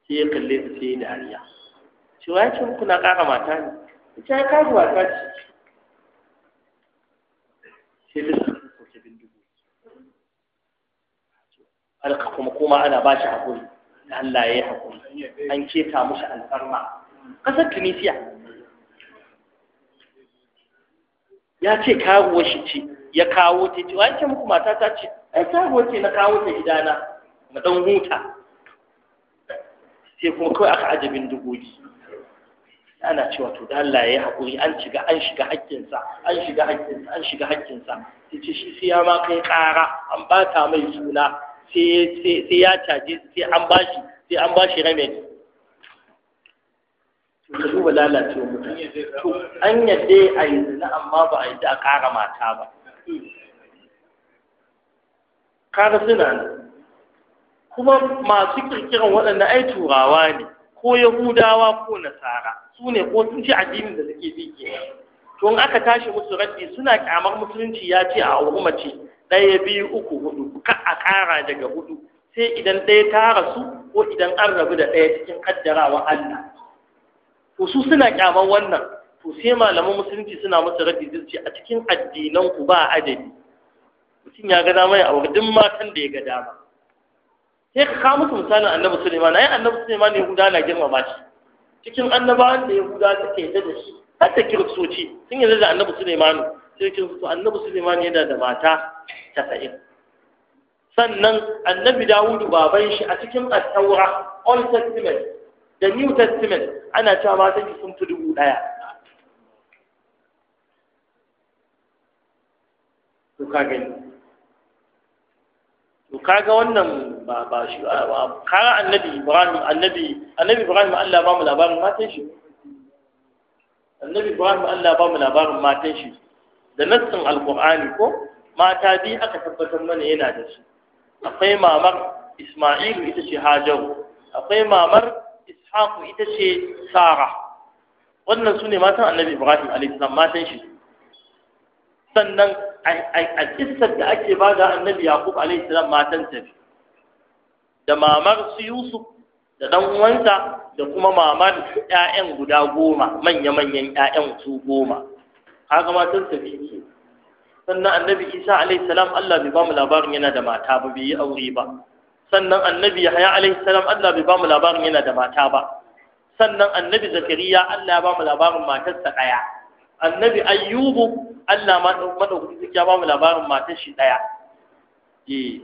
sai ya kalle ta sai ya dariya shi wa ce muku na ƙara mata ne ita ya kaji wata ce sai ta sauke bin dubu alka kuma kuma ana ba shi haƙuri da Allah ya yi haƙuri an keta mushi alfarma ƙasar tunisiya ya ce karuwa shi ce ya kawo ta ce wa ce muku mata ta ce ai karuwa ce na kawo ta gidana na ɗan huta sai kuma kawai aka ajabin bindigogi ana cewa to da Allah ya yi haƙuri an shiga an shiga haƙƙinsa an shiga haƙƙinsa an shiga haƙƙinsa sai ce shi sai ya ma kai ƙara an ta mai suna sai ya caje sai an shi sai an rame ne ka duba lalacewa mutum to an yadda a yi zina amma ba a yi a ƙara mata ba Ƙara suna ne. kuma masu kirkiran waɗanda ai turawa ne ko yahudawa ko nasara su ne ko sun ci addinin da suke bi ke to in aka tashi musu raddi suna kyamar musulunci ya ce a auri mace ɗaya biyu uku hudu ka a ƙara daga hudu sai idan ɗaya ta rasu ko idan an rabu da ɗaya cikin kaddarawa Allah to su suna kyamar wannan to sai malaman musulunci suna musu raddi su a cikin addinan ku ba adadi mutum ya ga dama ya auri duk matan da ya ga dama sai ka kawo musu misalin annabi Sulaiman ai annabi Sulaiman Yahuda na girmama shi cikin annabawan da Yahuda suka yarda da shi har da kiristoci sun yarda da annabi Sulaiman sai kiristo annabi Sulaiman yana da mata 90 sannan annabi Dawudu baban shi a cikin at-Taura Old Testament da New Testament ana cewa matan shi sun fi dubu ɗaya to ka gani to kaga wannan ba ba shi kaga annabi ibrahim annabi annabi ibrahim Allah ba mu labarin matan shi annabi ibrahim Allah ba mu labarin matan shi da nassin alqur'ani ko mata bi aka tabbatar mana yana da su akwai mamar isma'ilu ita ce hajaru akwai mamar ishaqu ita ce sara wannan su ne matan annabi ibrahim alaihi salam matan shi sannan a kissar da ake ba da annabi yaqub alaihi salam matan tafi da mamar su yusuf da dan uwansa da kuma mamar ƴaƴan guda goma manya manyan ƴaƴan su goma kaga matan tafi ke sannan annabi isa alaihi salam Allah bai ba mu labarin yana da mata ba bai yi aure ba sannan annabi yahya alaihi salam Allah bai ba mu labarin yana da mata ba sannan annabi zakariya Allah ya ba mu labarin matarsa ɗaya annabi ayyubu Allah ma madaukaki suke ba mu labarin matan shi daya eh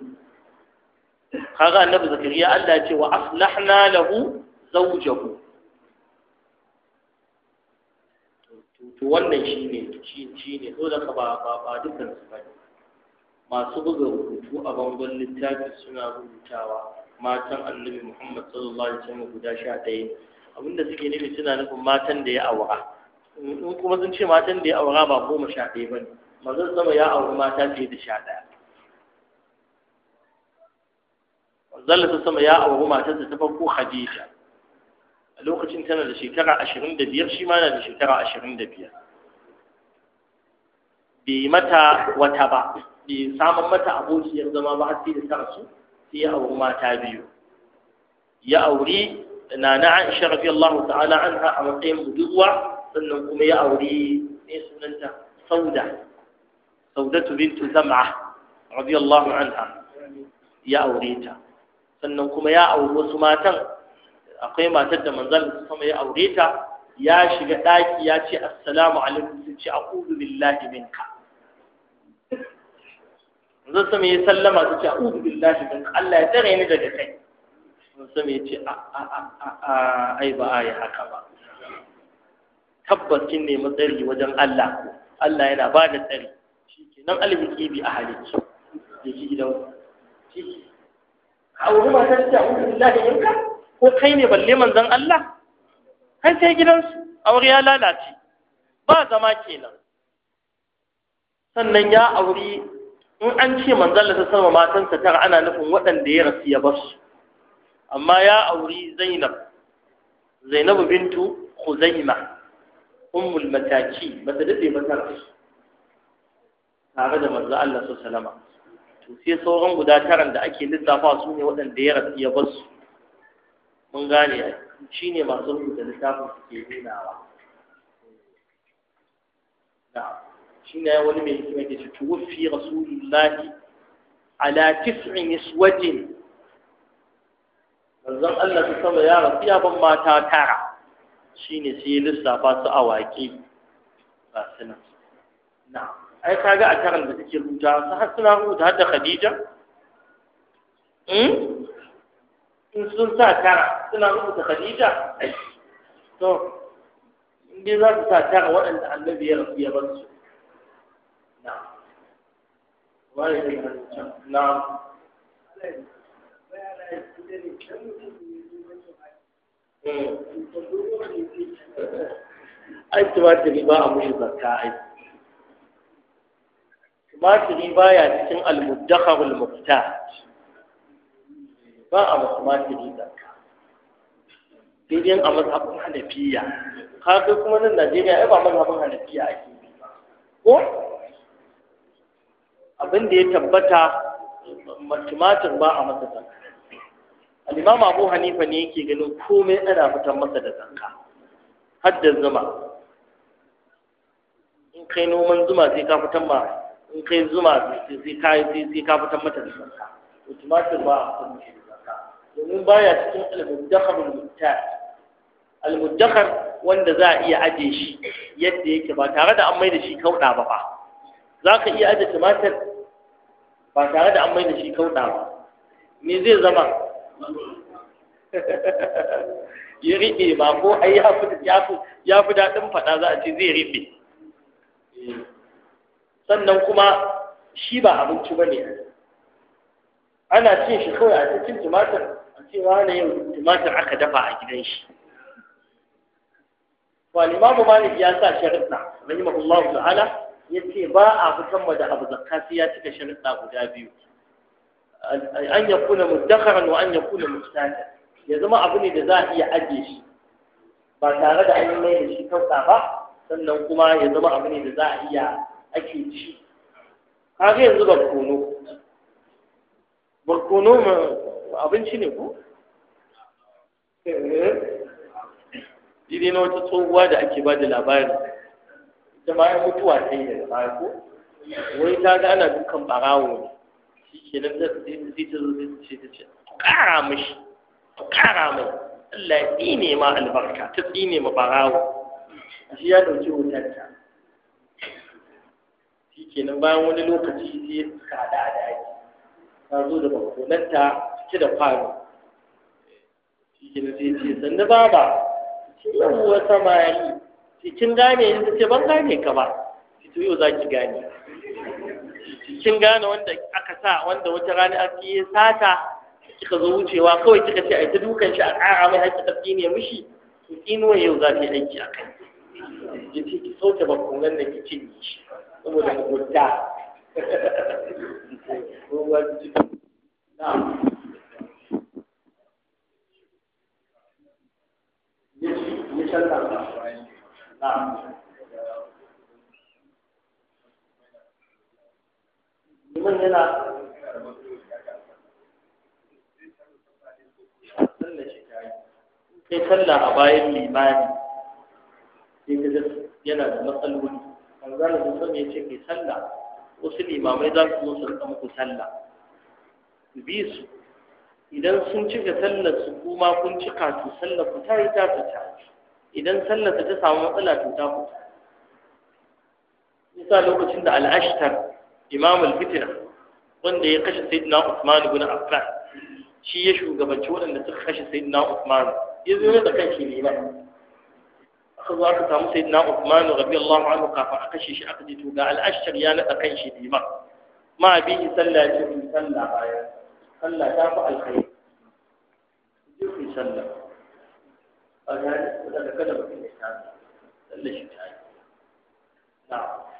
kaga annabi zakariya Allah ya ce wa aslahna lahu zawjahu to wannan shine shine dole ka ba ba dukkan su ba masu buga rubutu a bangon littafi suna rubutawa matan annabi Muhammad sallallahu alaihi wasallam guda 11 abinda suke nufi suna nufin matan da ya aura in kuma sun ce matan da ya aura ba goma sha ɗaya ba ne mazan sama ya auri mata fiye da sha ɗaya manzon ta sama ya auri matarsa ta farko Khadija a lokacin tana da shekara ashirin da biyar shi ma na da shekara ashirin da biyar bai mata wata ba bai samun mata abokiyar zama ba sai da ta sai ya auri mata biyu ya auri na'a in nana Aisha radiyallahu ta'ala anha a matsayin budurwa sannan kuma ya aure ne sunanta sauda saudatu bintu zam'a radiyallahu anha ya aure ta sannan kuma ya auri wasu matan akwai matar da manzon kuma ya aure ta ya shiga ɗaki ya ce assalamu alaikum sun ce a'udhu billahi minka manzon sama ya sallama ta ce a'udhu billahi minka Allah ya tare ni daga kai manzon sama ya ce a a a ai ba a yi haka ba tabbas kin nemi tsari wajen Allah Allah yana ba da tsari shikenan alimi bi a halicci ya ji gidan shi a wurin ba ta ce a wurin Allah da yanka ko kai ne balle manzon Allah kai sai gidansu aure ya lalace ba zama kenan sannan ya auri in an ce manzon Allah sama matansa tara ana nufin waɗanda ya rasu ya bar su amma ya auri Zainab Zainabu bintu Khuzaimah ummul mataki ba ta daɗe ba ta rasu tare da manzo Allah su salama to sai sauran guda taran da ake lissafa su ne waɗanda ya rasu ya basu mun gane shi ne masu rubuta littafin ke nunawa da shi ne wani mai hikima ke ce tuwuffi rasulullahi ala tis'i niswatin manzon Allah su sama ya rasu ya ban mata tara Shi ne sai lissafa su a waƙe ba su nan na ai ga a karan da suke rubuta su har suna rubuta har da Khadija hmm? in sun sa tara suna rubuta Khadija to dai za su sa tara waɗanda annabi ya rasu ya bar su na wani da na ai tumatir ba a mushi zarka ai tumatir ba ya cikin wal mufta ba a tumatiri zakka sai dai a mazhabin hanafiya ka kai kuma nan Najeriya ai ba mazhabin hanafiya ake yi ko abin da ya tabbata tumatir ba a mazhabin zakka al'imama abu hanifa ne yake ganin komai ana fitan masa da zanka har da zuma in kai noman zuma sai ka fitan ma in kai zuma sai ka sai ka fitar mata da zanka to tumatir ba a fitar shi da zanka domin baya cikin al-mudakhar al al wanda za a iya ajiye shi yadda yake ba tare da an mai da shi kauɗa ba ba za ka iya ajiye tumatir ba tare da an mai da shi kauɗa ba me zai zama ya riɓe ba ko ai ya fi daɗin faɗa za a ce zai riɓe sannan kuma shi ba abinci ba ne ana cin shi kawai a cikin tumatir a ce na yau tumatir aka dafa a gidan shi wa limamu malik ya sa sharuɗa Allahu ta'ala ya ce ba a fi da abu zakka sai ya cika sharuɗa guda biyu an kuna muddakharan wa an kuna mustaqil ya zama abu ne da za a iya ajiye shi ba tare da an mai da shi kauka ba sannan kuma ya zama abu ne da za a iya ake ci kaga yanzu barkono ma abinci ne ko eh. dai na wata tsohuwa da ake ba da labari ita ma mutuwa ta yi daga baya ko wani ta ga ana dukkan barawo ne shi ke nan zai ta zo ce ta ce ƙara mishi ƙara mai Allah ya tsine ma albarka ta tsine ma barawo shi ya ɗauki hotarta shi ke bayan wani lokaci sai ya kada a daji ta zo da bakonanta cike da kwano shi ke sai ce sannu baba shi yawuwa samari Cikin kin gane yanzu ce ban gane ka ba fito yau za ki gane kin gane wanda aka sa wanda wata rana aka yi sata kika zo wucewa kawai kika ce a ta dukan shi a ƙara mai haƙƙi ta fiye mishi to tsinuwa yau za ta yi aiki a kai ya ce ki sauke bakon nan da ki cinye shi saboda mugunta ya ce ya canza ba liman yana Sai sallah a bayan limani sai ka ga yana da matsaloli an zana da sama ya ce kai sallah wasu limamai za su zo su rika muku sallah Su bi su idan sun cika sallar su kuma kun cika su sallar ku ta yi ta fita idan sallar ta samu matsala to ta fita misali lokacin da al'ashtar imamul fitna wanda ya kashe sayyidina Usman ibn Affan shi ya shugabanci wanda suka kashe sayyidina Usman yanzu ne da kanki ne ba aka zo aka samu sayyidina Usman radiyallahu anhu kafin a kashe shi aka ji to ga al-ashar ya nada kanshi ne ma ma bi sallah ce bi sallah baya sallah ta fi alkhairi ji fi sallah a ga da kada ba ne ta sallah shi ta yi na'am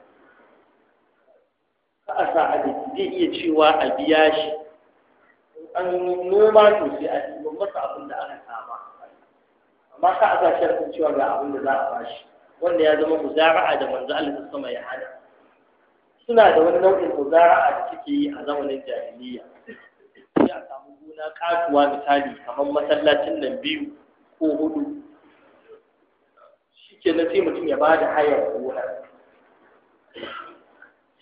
ba a sa hadisi zai iya cewa a biya shi an noma to sai a ɗiban masa abin da aka sama amma ka a sa sharfin cewa ga abin da za a bashi wanda ya zama muzara'a da manzo Allah ta sama ya hana suna da wani nau'in muzara'a da suke yi a zamanin jahiliya sai a samu gona katuwa misali kamar masallacin nan biyu ko hudu na sai mutum ya ba da hayar gona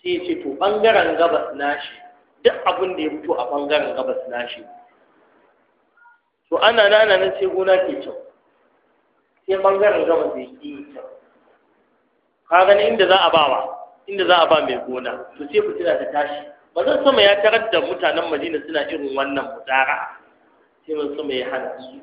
sai ya ce to ɓangaren gabas nashi duk abin da ya fito a ɓangaren gabas nashi to ana nana nan sai gona ke kyau sai ɓangaren gabas ya yi kyau ka gani inda za a ba wa inda za a ba mai gona to sai fitina ta tashi ba zan sama ya tarar da mutanen madina suna irin wannan mutsara sai mun sama ya hana su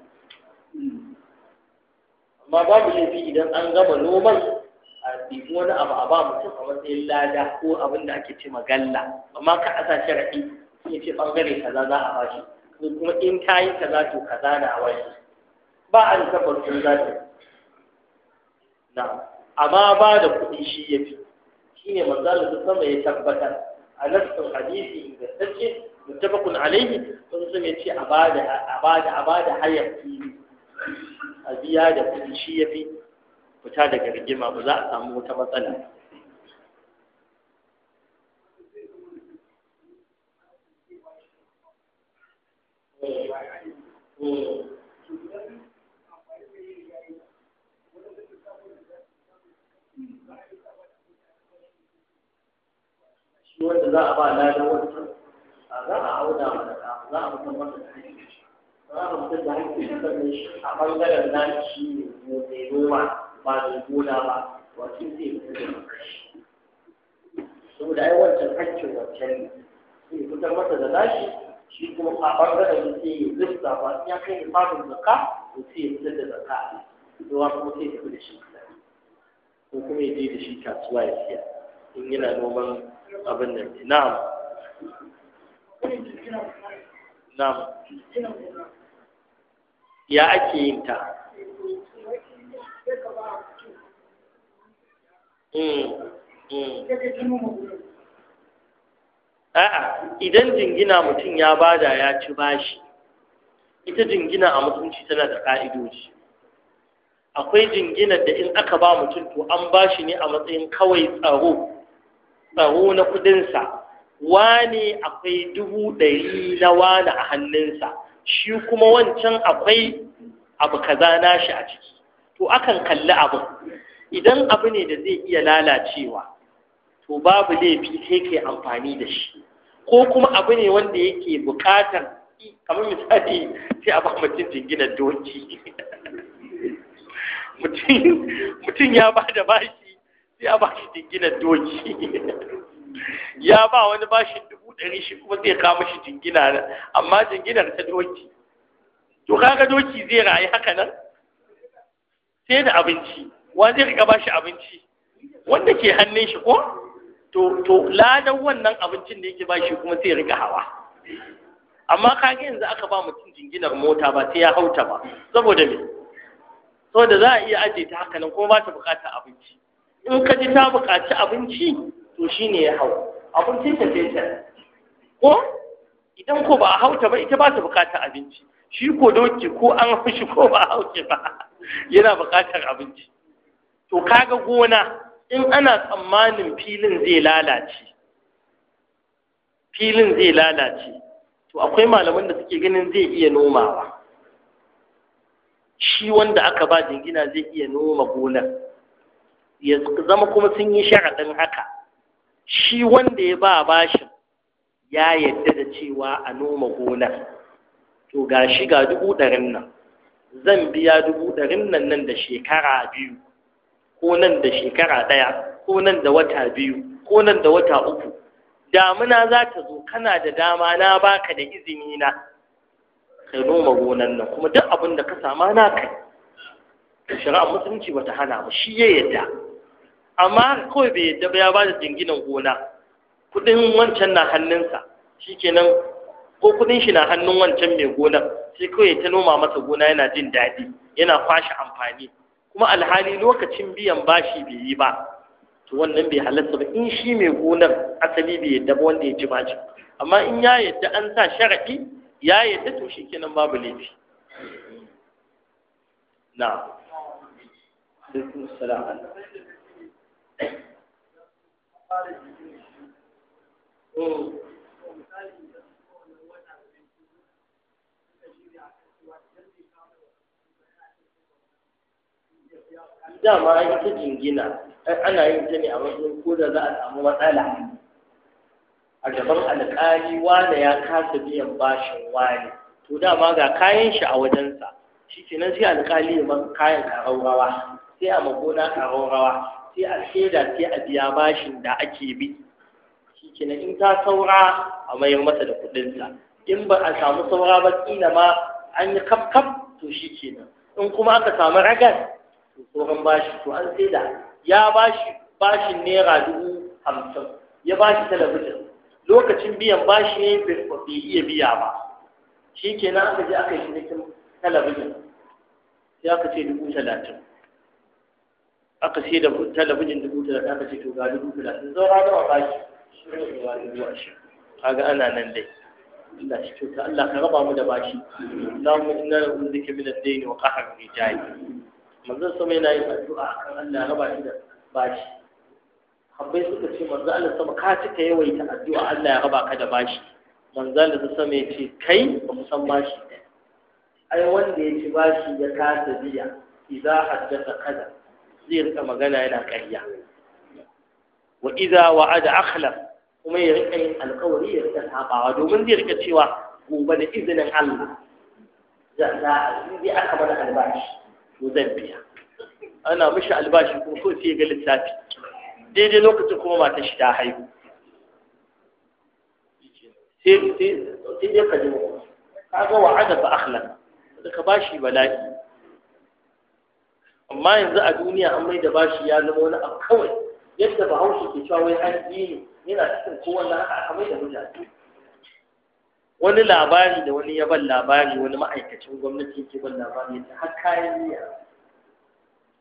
amma babu laifi idan an gama noman a wani abu a ba mutum a matsayin lada ko abin da ake ce magalla amma ka a sa sharaɗi ya ce ɓangare kaza za a bashi ko kuma in ta yi kaza to kaza na a wani ba a rika za ta na amma ba da kuɗi shi ya fi shi ne manzala su sama ya tabbatar a nasu hadisi ingantacce muttafaqun alaihi sun sun ya ce a ba da a ba da a ba da hayar fili a biya da kuɗi shi ya fi fita daga rigima ba za a samu wata matsala shi wanda za a ba ladan wancan za a auna mana za a mutum masa da haƙƙi za a mutum da haƙƙi sannan shi a ɓangaren na shi ne mai noma ba da gona ba wasu zai fita da kashi saboda ai wancan hakkin wancan ne sai fitar masa da nashi shi kuma a ɓangaren da sai ya lissa ba ya kai da fadin zaka to sai ya fitar da zaka to kuma sai ya da shi ko kuma ya je da shi kasuwa ya siya in yana noman abin nan ne na'am na'am ya ake yin ta A'a, idan jingina mutum ya bada ya ci bashi, ita jingina a mutunci tana da ƙa'idoji. Akwai jingina da in aka ba mutum to an bashi ne a matsayin kawai tsaro, tsaro na kudinsa, wane akwai dubu ɗari na wane a hannunsa, shi kuma wancan akwai abu kaza nashi a ciki. To akan kalli abu. idan abu ne da zai iya lalacewa to babu laifi sai kai amfani da shi ko kuma abu ne wanda yake bukatar kamar misali sai a ba mutum jinginar doki mutum ya ba da bashi sai a ba shi jinginar doki ya ba wani bashi dubu ɗari shi kuma zai kama shi jingina amma jinginar ta doki to kaga doki zai rayu haka nan sai da abinci Wani zai ba shi abinci wanda ke hannun shi ko to to ladan wannan abincin da yake ba shi kuma sai riga hawa amma ga yanzu aka ba mutum jinginar mota ba sai ya hauta ba saboda me saboda za a iya ajiye ta haka nan kuma ba ta buƙatar abinci in ka ji ta bukaci abinci to shine ya hau abincin ta sai ko idan ko ba a hauta ba ita ba ta buƙatar abinci shi ko doki ko an haushi ko ba a hauke ba yana bukatar abinci to kaga gona in ana tsammanin filin zai lalace filin zai lalace to akwai malaman da suke ganin zai iya nomawa shi wanda aka ba jingina zai iya noma gonar ya zama kuma sun yi sharaɗin haka shi wanda ya ba bashin ya yadda da cewa a noma gonar to ga shi ga dubu ɗarin nan zan biya dubu ɗarin nan nan da shekara biyu ko nan da shekara ɗaya ko nan da wata biyu ko nan da wata uku damuna za ta zo kana da dama na baka da izini na kai noma gonan nan kuma duk abin da ka sama na kai shara musulunci bata hana ba shi ya yadda amma kawai bai yadda ba ya ba da jinginan gona kudin wancan na hannunsa shikenan ko kudin shi na hannun wancan mai gonan sai kawai ta noma masa gona yana jin daɗi yana kwashe amfani kuma alhali lokacin biyan bashi bai yi ba to wannan bai halatta ba in shi mai gonar asali bai yadda ba wanda ya ci bashi amma in ya yadda an sa sharaɗi ya yadda to shi kenan babu laifi na Mm. dama an ita jingina ana yin ta ne a matsayin ko da za a samu matsala a gaban alƙali wane ya kasa biyan bashin wane to dama ga kayan shi a wajensa shi nan sai alƙali ya man kayan karaurawa sai a magona karaurawa sai a shaida sai a biya bashin da ake bi shi nan in ta saura a mayar masa da kuɗinsa in ba a samu saura ba kila ma an yi kafkaf? to shi kenan in kuma aka samu ragar to tsohon bashi to an sai da ya bashi bashin naira dubu hamsin ya bashi talabijin lokacin biyan bashi ne bai iya biya ba shi kenan aka je aka yi cinikin talabijin sai aka ce dubu talatin aka sai da talabijin dubu talatin aka ce to ga dubu talatin rana nawa bashi kaga ana nan dai Allah shi kyauta Allah ka raba mu da bashi Allahumma inna na'udhu bika min ad-dayn wa qahr ar-rijal manzon sama yana yin addu'a kan Allah raba shi da bashi habbai suka ce manzo Allah sama ka cika yawaita addu'a Allah ya raba ka da bashi manzo Allah sama ya ce kai ba mu san bashi ai wanda ya ci bashi ya kasa biya idza haddatha kada. zai rika magana yana ƙarya wa idza wa'ada akhlaf kuma ya rika yin alƙawari ya rika sabawa domin zai rika cewa gobe da izinin Allah za a zai aka mana albashi to zan biya ana mishi albashi kuma so sai ga lissafi. daidai lokacin kuma mata shi ta haihu sai sai dai ka ji ka ga wa'ada fa akhlan ka bashi bala'i amma yanzu a duniya an mai da bashi ya zama wani abu kawai yadda bahaushe ke cewa wai an dini yana cikin kowanne haka a mai da mutane wani labari da wani yaban labari wani ma'aikacin gwamnati yake ban labari ya ce har kayan miya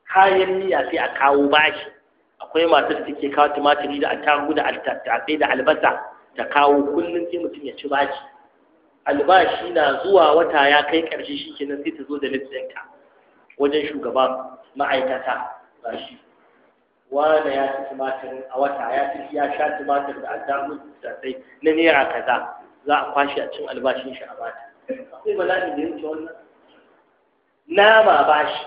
kayan miya sai a kawo bashi akwai masu da suke kawo tumatiri da attarugu da altattasai da albasa ta kawo kullum sai mutum ya ci bashi albashi na zuwa wata ya kai ƙarshe shi kenan sai ta zo da listinta wajen shugaba ma'aikata ba shi wane ya ci tumatirin a wata ya ci ya sha tumatir da attarugu da sai na naira kaza za a kwashe a cin albashin shi a bata akwai bala'i da ya wannan nama bashi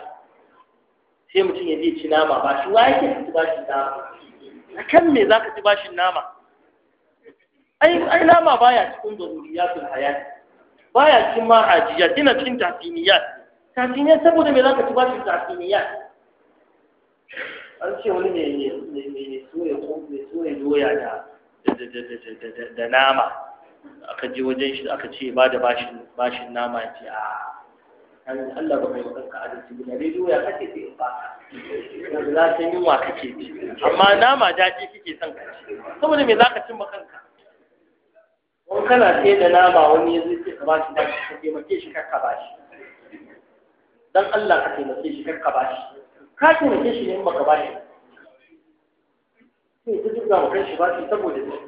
sai mutum ya zai ci nama bashi wa yake ci bashin nama a kan me za ka ci bashin nama ai nama baya cikin daruriyatul hayat baya cikin ma'ajiyat dina cikin tafiniyat tafiniyat saboda me za ka ci bashin tafiniyat an ce wani mai soya doya da nama aka je wajen shi aka ce ba da bashin bashin nama ce a Allah ba mai kanka adalci ba dai doya ka ce in ba da za ta yunwa kake ci amma nama daɗi kike son ka ci saboda me za ka cimma kanka wani kana sai da nama wani ya zai ce ka bashi ba ka taimake shi ka bashi dan Allah ka taimake shi ka bashi ka taimake shi ne in baka bashi sai ta duk ga kan shi ba saboda